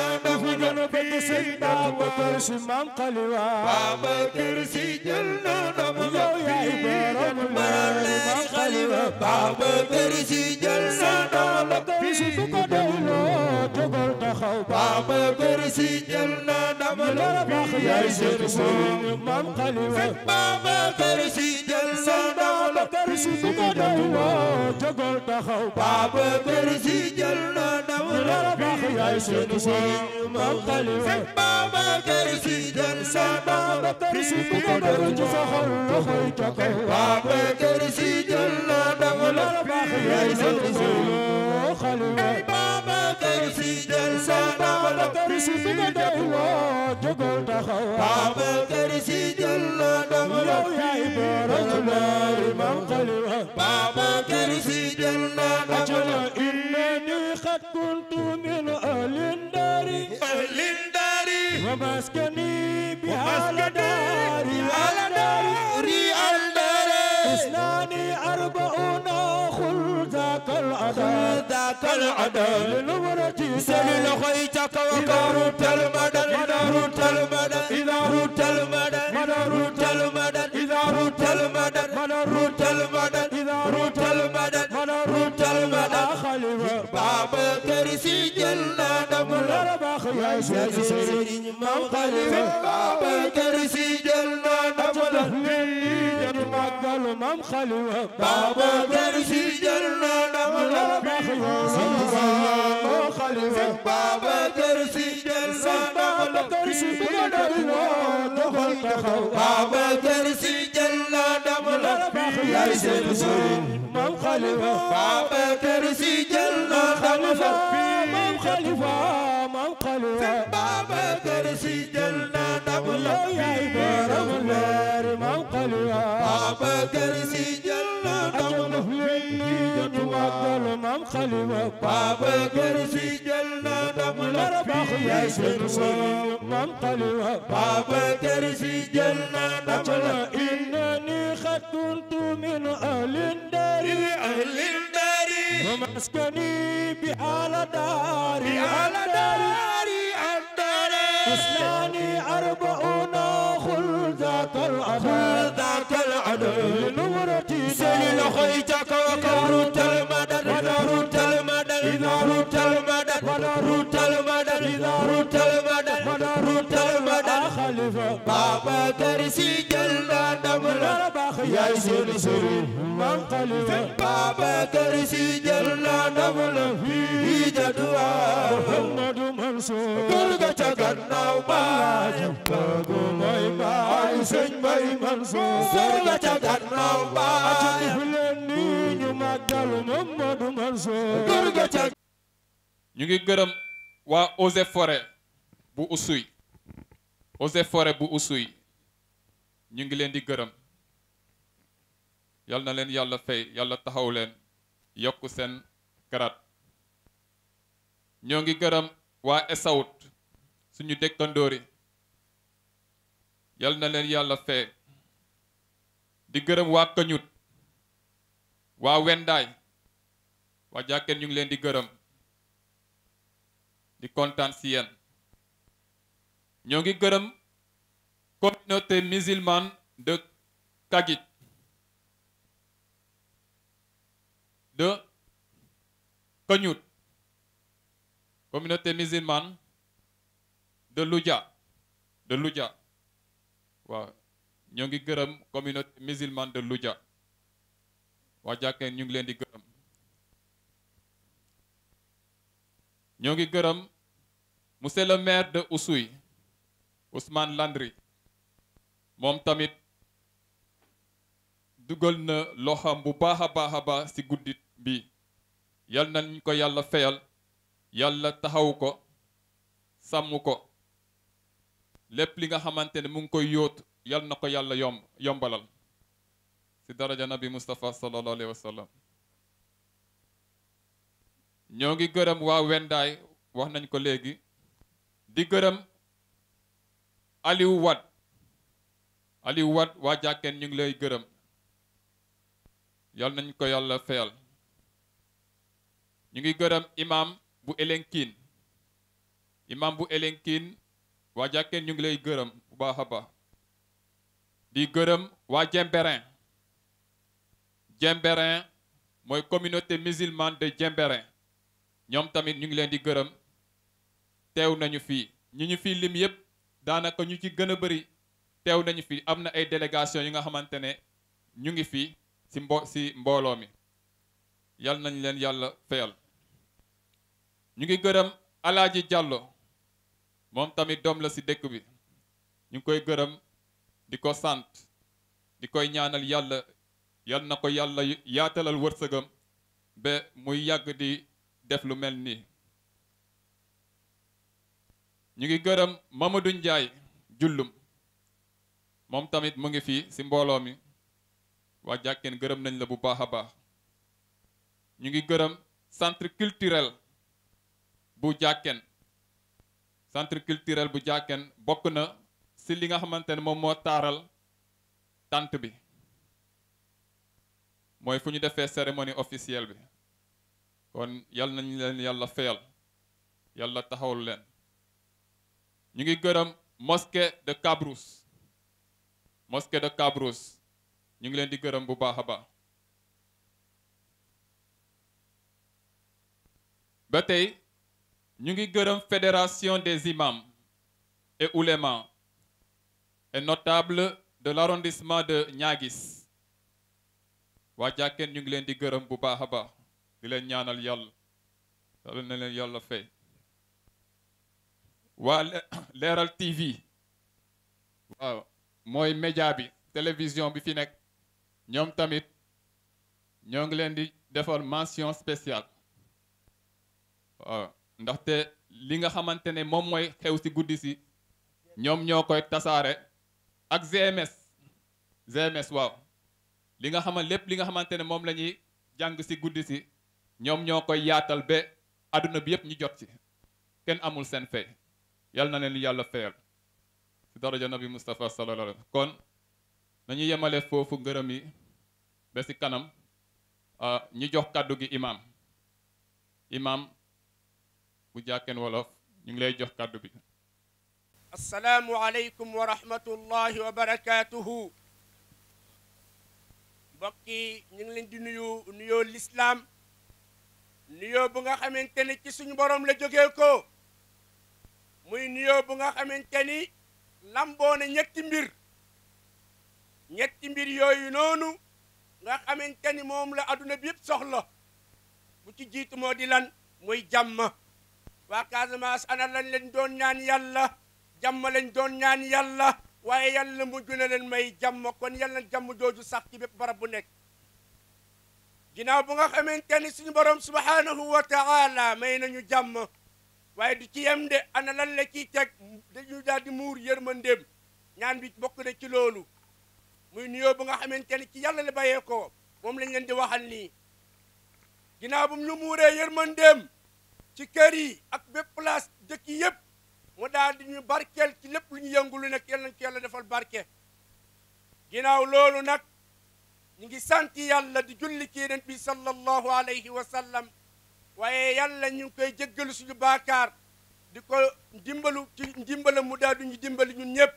bëgg sëñ Babacar Si maam Xaliwa Babacar Si jël na dama yow yaay borom leer maam Xaliwa Babacar Si jël na dama bisu bu ko delloo jógal taxaw Babacar Si jël na dama la baax yaay sëñ maam Xaliwa Babacar Si jël na dama bisu bu ko delloo jógal taxaw Babacar Si jël na dama la baax yaay sëñ maam xaliwa sëñ Babacar Si jël sa dara si bu ko dara ci sa xol loxoy ca kaw Babacar Si jël na dama la baax yaay sa xaliwa Babacar Si jël sa dara si bu ko dara jógal taxaw Babacar Si jël na dama la yaay borom maam xaliwa واسكني بها داري على داري الدار إسلامي أربعون خل ذاك العدل ذاك العدل للورتي سهل خيتك وكروت المدى إذا روت المدى إذا روت المدى إذا روت المدى إذا روت المدى إذا روت sëriñ mam xalifa Babacar Si jël na ndam la lii màggalu mam xalifa Babacar Si jël na ndam la mam xalifa Babacar Si jël na ndam la Babacar Si jël na ndam la yaay seen sëriñ mam xalifa Babacar Si jël na ndam la xalifa maam xalifa sëñ Babacar Si jël na ndam la yaay borom leer maam xalifa Babacar Si jël na ndam la ñu màggal maam xalifa Babacar Si jël na ndam la baax yaay sunu sëriñ maam xalifa Babacar Si jël na ndam la innani xatuntu min ahlin dari ahlin ومسكني بأعلى داري بأعلى داري الداري حسناني أربعون خلدة الأمان خلدة العدل نورتي سلي لخيتك وكبرت المدد ونورت المدد ونورت المدد ونورت المدد Babacar Si jël na ndam la yaay sunu sëriñ Maam Xalifa Babacar Si jël na ndam la fii jatuwa Muhammadu Mansour kër ga ca gannaaw baayam kooku mooy baay sëñ Bay Mansour kër ga ca gannaaw baayam ñu màggal Muhammadu Mansour kër ga ca ñu ngi gërëm waa eaux et forêt bu usuy eaux et bu usuy ñu ngi leen di gërëm yal na leen yàlla fay yàlla taxaw leen yokk seen garaat ñoo ngi gërëm waa esawut suñu dëkkandóori yal na leen yàlla fay di gërëm waa kañut waa wendaay waa jàkkeen ñu ngi leen di gërëm di kontaan si yéen ñoo ngi gërëm communauté musulmane de Kagit de Kagnout communauté musulmane de waaw ñoo ngi gërëm communauté musulmane de Loudia waa jàkkee ñu ngi leen di gërëm ñoo ngi gërëm monsieur le maire de Oussouye Ousmane Landry moom tamit dugal na loxam bu baax a baax a baax ci guddi bi yal nañ ko yàlla feyal yàlla taxaw ko sàmm ko lépp li nga xamante ne mu ngi koy yoot yal na ko yàlla yomb yombalal ci daraja nabi Moustapha sallallahu alayhi wa sallam ñoo ngi gërëm waa Wendaay wax nañ ko léegi di gërëm Aliou Wade Aliou waa jàkkeen ñu ngi lay gërëm yal nañ ko yàlla fayal ñu ngi gërëm imam bu Elenkin imam bu Elenkin waa jàkkeen ñu ngi lay gërëm bu baax a baax di gërëm waa Jemberin Jemberin mooy communauté musulmane de Jemberin ñoom tamit ñu ngi leen di gërëm teew nañu fii ñu ñu fi lim yëpp daanaka ñu ci gën a bëri teew nañu fii am na ay délégation yi nga xamante ne ñu ngi fi si mbo si mbooloo mi yal nañ leen yàlla fayal ñu ngi gërëm Alaaji Jàllo moom tamit doom la si dëkk bi ñu ngi koy gërëm di ko sant di koy ñaanal yàlla yal na ko yàlla yaatalal wërsëgam ba muy yàgg di def lu mel nii ñu ngi gërëm Mamadou Ndiaye jullum moom tamit mu ngi fii si mbooloo mi waa jàkkeen gërëm nañ la bu baax a baax ñu ngi gërëm centre culturel bu jàkkeen centre culturel bu jàkkeen bokk na si li nga xamante ne moom moo taaral tànt bi mooy fu ñu defee cérémonie officielle bi kon yal nañ leen yàlla feyal yàlla taxawul leen ñu ngi gërëm mosquée de Cabrousse mosquée de Cabrousse ñu ngi leen di gërëm bu baax a baax ba tey ñu ngi gërëm fédération des imams et oulémas et notable de l'arrondissement de Niaguis waa Diakène ñu ngi leen di gërëm bu baax a baax di leen ñaanal yàlla yàlla na leen yàlla fay waa leeral TV waaw mooy média bi télévision bi fi nekk ñoom tamit ñoo ngi leen di defal mention spéciale waaw ndaxte li nga xamante ne moom mooy xew si guddi si ñoom ñoo koy tasaare ak GMS GMS waaw li nga xamal lépp li nga xamante ne moom la ñuy jàng si guddi si ñoom ñoo koy yaatal ba àdduna bi yëpp ñu jot si kenn amul seen fay yàlla na leen yàlla feer si daraja nabi Moustapha sallallahu alayhi kon nañu yemale foofu ngërëm yi ba si kanam ñi jox kàddu gi imaam imaam bu jàkkeen wolof ñu ngi lay jox kàddu bi asalaamu aleykum wa rahmatullahi wa barakaatuhu mbokk ñu ngi leen di nuyu nuyoo lislaam nuyoo bu nga xamante ne ci suñu borom la jógee ko muy nuyoo bu nga xamante ni lamboo na ñetti mbir ñetti mbir yooyu noonu nga xamante ni moom la adduna bi yëpp soxla bu ci jiitu moo di lan muy jàmm waa Casamance ana lan lañ doon ñaan yàlla jàmm lañ doon ñaan yàlla waaye yàlla mujj na leen may jàmm kon yàlla jàmm jooju sax ci bépp barab bu nekk ginnaaw bu nga xamante ni suñu borom subhanahu wa taala may nañu jàmm waaye du ci yem de ana lan la ciy teg dañu daal di muur yërmandeem ñaan bi bokk na ci loolu muy nuyoo bu nga xamante ne ci yàlla la bàyyee ko moom lañ leen di waxal nii ginnaaw bu ñu muuree yërmandeem ci kër yi ak bépp place dëkk yëpp mu daal di ñu barkeel ci lépp lu ñu yëngu na nekk yàlla nañ defal barke ginnaaw loolu nag ñu ngi sant yàlla di julli ci yonent bi sallallahu alayhi wa waaye yàlla ñu ngi koy jéggalu suñu baakaar di ko ndimbalu ci ndimbalam mu daal duñu dimbali ñun ñëpp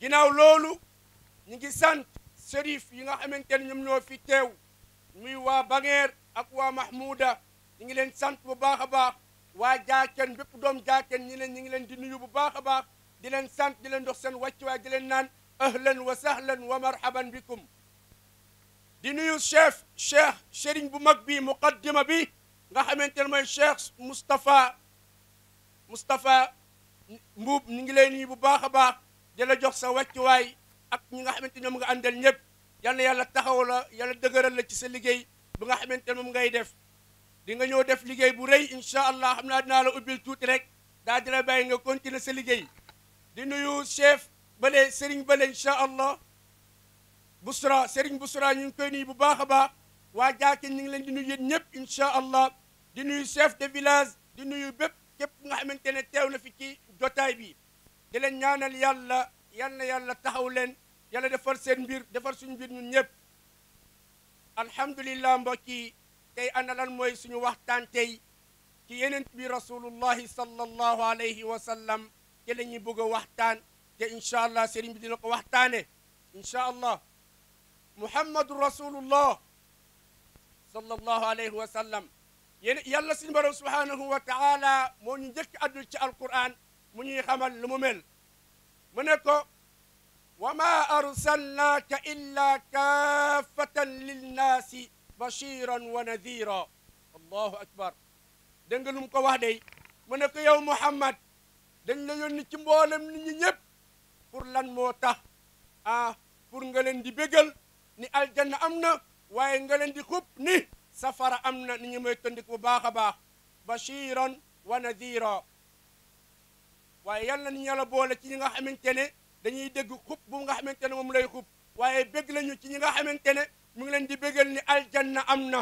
ginnaaw loolu ñu ngi sant sërif yi nga xamante ne ñoom fi teew muy waa Banger ak waa Mahmouda ñu ngi leen sant bu baax a baax waa jaaken bépp doom jaaken ñi leen ñu ngi leen di nuyu bu baax a baax di leen sant di leen dox seen wàccuwaay di leen naan ahlan wa sahlan wa marhaban bikum di nuyu chef cheikh sëriñ bu mag bi muqaddima bi nga xamante ne mooy Cheikh Moustapha Moustapha Mbuub ñu ngi lay nuyu bu baax a baax di jox sa wàccuwaay ak ñi nga xamante mu nga àndal ñëpp yal na yàlla taxaw la yàlla dëgëral la ci sa liggéey bu nga xamante ne moom ngay def di nga ñëw def liggéey bu rey incha allah xam naa dinaa la ubil tuuti rek daa di la bàyyi nga continuer sa liggéey di nuyu chef bële Serigne bële incha allah Bousra Serigne Bousra ñu ngi koy nuyu bu baax a baax. waa Jaakin ñu ngi leen di nuyu yéen ñëpp incha di nuyu chef de village di nuyu bépp képp nga xamante ne teew na fi ci jotaay bi di leen ñaanal yàlla yal na yàlla taxaw leen yàlla defar seen mbir defar suñu mbir ñun ñëpp alhamdulillah mbokk yi tey ana lan mooy suñu waxtaan tey ci yeneen bi rasulullahi sallallahu alayhi wa sallam te la ñuy bëgg a waxtaan te incha allah bi dina ko waxtaane incha allah muhammadu rasulullah sallallahu alayhi wa sallam yéen yàlla suñu borom subhanahu wa taala moo ñu njëkk addul ci alquran mu ñuy xamal lu mu mel mu ne ko wa ma arsalnaaka illa kaafatan linnaasi bashiran wa nadira allahu akbar dégg nga lu mu ko wax day mu ne ko yow muhammad dañ la yónni ci mboolem nit ñi ñëpp pour lan moo tax ah pour nga leen di bégal ni aljanna am na waaye nga di xub ni safara am na ni ñu may tëndik bu baax a baax bashiran wa nadira waaye yal na ni ñu la ci ñi nga xamante ne dañuy dégg xub bu nga xamante ne moom lay xub waaye bégg lañu ci ñi nga xamante ne mu ngi leen di bégal ni aljanna am na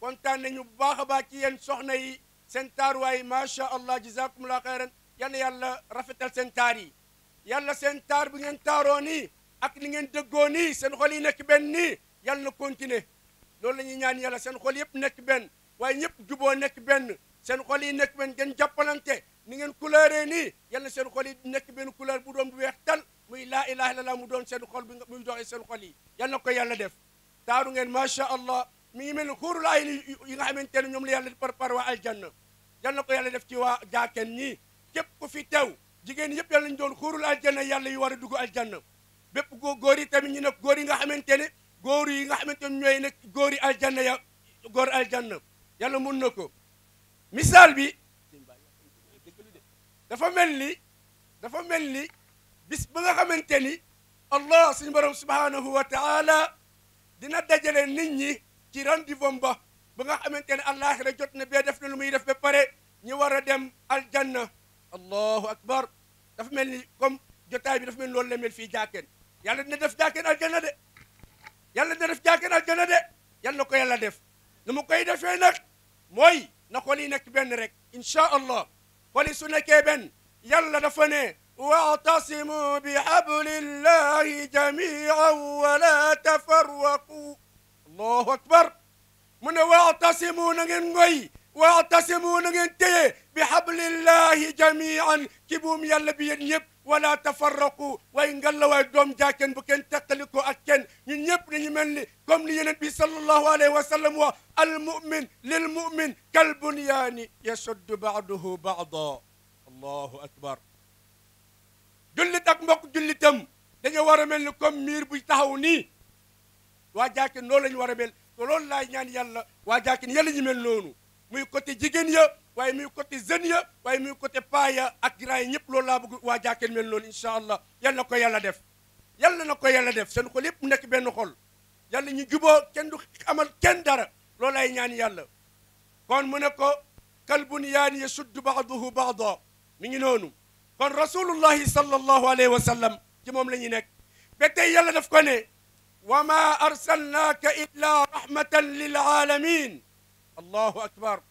kontaan nañu bu baax a baax ci yéen soxna yi seen taaruwaay macha allah jazakumullah xayran yal na yàlla rafetal seen taar yi yàlla seen taar bu ngeen taaroo nii ak ni ngeen dëggoo nii seen xol yi nekk benn nii yàlla na continuer loolu la ñuy ñaan yàlla seen xol yëpp nekk benn waaye ñëpp juboo nekk benn seen xol yi nekk benn ngeen jàppalante ni ngeen couleuree nii yàlla seen nekk benn couleur bu doon bu weex tal muy la ilaha illallah mu doon seen xol bi muy doxee seen xol na ko yàlla def taaru ngeen macha allah mi ngi mel ni xuurul ay yi nga xamante ne ñoom la yàlla parpar waa aljanna yàlla na ko yàlla def ci waa jaaken ni képp ku fi teew jigéen yëpp yàlla ñu doon xuurul aljanna yàlla yu war a dugg aljanna bépp góor yi tamit ñu ne góor yi nga xamante ne góor yi nga xamante ne ñooy nag góor yi aljanna ya góor aljanna yàlla mun na ko misaal bi dafa mel ni dafa mel ni bis ba nga xamante ni allah suñu borom subhanahu wa taala dina dajale nit ñi ci rendez di ba ba nga xamante ne àllaaxira jot na bee def na lu muy pare ñu war a dem aljanna allahu akbar dafa mel ni comme jotaay bi dafa mel ni loolu la mel fii jaaken yàlla dina def jaaken aljana de yàlla dina def jaaken aljana de yàlla na ko yàlla def nu mu koy defee nag mooy na xol yi nekk benn rek incha allah xol yi su nekkee benn yàlla dafa ne waatasimu bi hablillahi jamian wala tafarraqu allahu akbar mu ne waatasimu na ngeen ngoy waatasimu na ngeen téye bi hablillahi jamian ci buum yàlla bi yéen ñëpp wala tafarraqu waaye ngalla waaye doom jaa kenn bu kenn teqali ko ak kenn ñun ñëpp dañu mel ni comme li yonent bi sallallahu alayhi wa sallam wax al mumin lil mumin kal bunyaani yasuddu baaduhu baada allahu akbar jullit ak mbokk jullitam dañoo war a mel ni comme miir bu taxaw nii waa jaaken loolu la ñu war a mel te loolu laay ñaan yàlla waa jaaken yàlla ñu mel noonu muy côté jigéen ya waaye muy côté jeunes ya waaye muy côté paa ya ak grand yi ñëpp loolu laa bëgg waa Jaakeen mel loolu incha allah yal na ko yàlla def yal na ko yàlla def seen xol yëpp nekk benn xol yàlla ñu juboo kenn du amal kenn dara loolu lay ñaan yàlla kon mu ne ko kalbun yaani yasuddu baaduhu baada mi ngi noonu kon rasulullahi sallallahu alayhi wa sallam ci moom la ñuy nekk ba tey yàlla ko ne wa ma arsalnaaka illa rahmatan lil alamin allahu akbar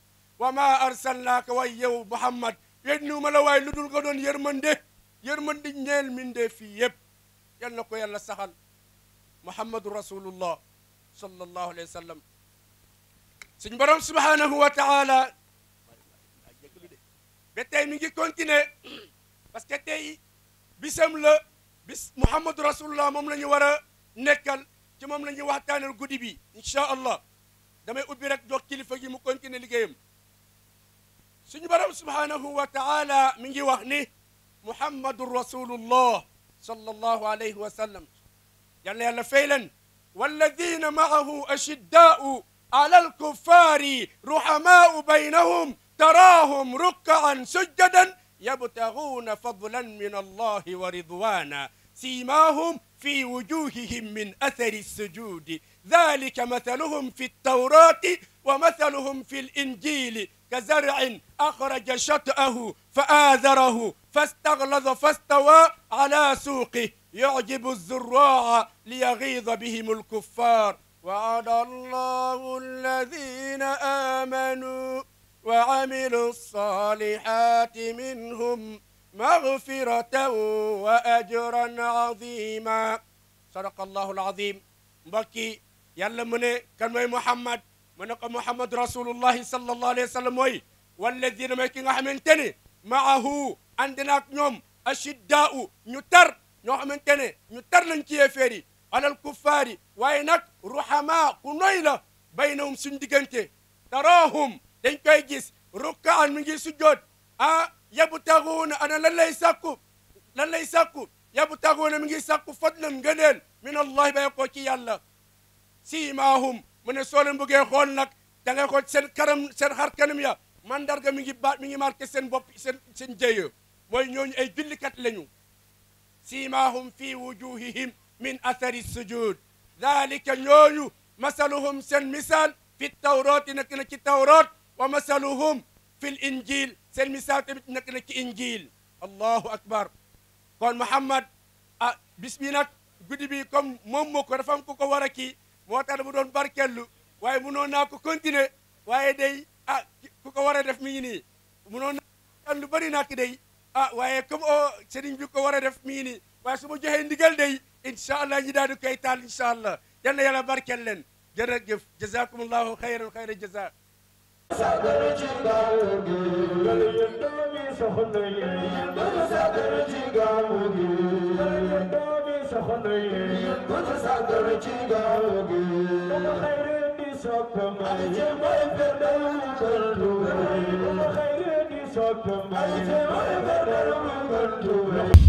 wa ma arsalnaaka waay yow Muhammad yónniwu ma la waaye lu dul nga doon yërmande yërmande ñeel mindee fii yëpp yal na ko yàlla saxal Muhammadu rasulullah sallallahu alayhi wa sallam suñ borom subhanahu wa taala ba tey mi ngi continuer parce que tey bisam la bis Muhammadu rasulullah moom la ñu war a nekkal ci moom la ñuy waxtaanal guddi bi incha allah damay ubbi rek jox kilifa gi mu continuer liggéeyam suñu borom subhaanahu wa taala mi ngi wax ni muhammadun rasulullah sallallahu alayhi wa sallam yàlla yàlla fay leen walladina maahu ashiddaau ala alkuffari ruhamaau baynahum taraahum rukkaan sujjadan yabtaguuna fadlan min allahi wa ridwana siimaahum fi wujuhihim min athari sujudi dalika mathaluhum fi altawrati wa mathaluhum fi alinjili كزرع أخرج شطأه فآذره فاستغلظ فاستوى على سوقه يعجب الزراع ليغيظ بهم الكفار وعد الله الذين آمنوا وعملوا الصالحات منهم مغفرة وأجرا عظيما صدق الله العظيم mbokk yi yàlla mu ne kan mooy Muhammad mu ne ko muhammadu rasulullahi sallallahu alayhi wa sallam mooy walladina mooy ki nga xamante ne maahu àndi naak ñoom ashiddaau ñu tar ñoo xamante ne ñu tar lañ ci yéeféer yi alal kuffaari waaye nag ruhamaa ku noy la baynahum suñ diggante taraahum dañ koy gis rukkaan mi ngi sujjoot ah yabtaguuna ana lan lay sàkku lan lay sàkku yabtaguuna mi ngi sàkku fadlan ngëneel min allahi bay koo ci yàlla siimaahum mu ne soo leen bëggee xool nag da sen xool seen kanam seen xar kanam ya mi ngi ba mi ngi marqué seen bopp sen seen jéyee mooy ñooñu ay jullikat lañu siimaahum fi wujuhihim min athari sujud dalika ñooñu masaluhum seen misaal fi tawrooti nekk na ci tawroot wa masaluhum fi l injil seen misaal tamit nekk na ci injil allahu akbar kon muhammad ah bis bi nag guddi bi comme moom ku ko war a kii moo tax dama doon barkellu waaye mënoon naa ko continuer waaye day ah ku ko war a def mi ngi nii mënoon naa lu bëri nak day ah waaye comme o oh, sëriñ bi ko war a def mi ngi nii waaye su ma joxee ndigal day incha allah ñi daal di koy taal incha allah yal na yàlla barkel leen jërëjëf jazakumullahu xayran xayra jaza sagar ci gaamu خلوی کچھ سادر چیگاو گی تم خیرینی سکم ایچے مائی پردر کردو ہے تم خیرینی سکم ایچے مائی پردر کردو ہے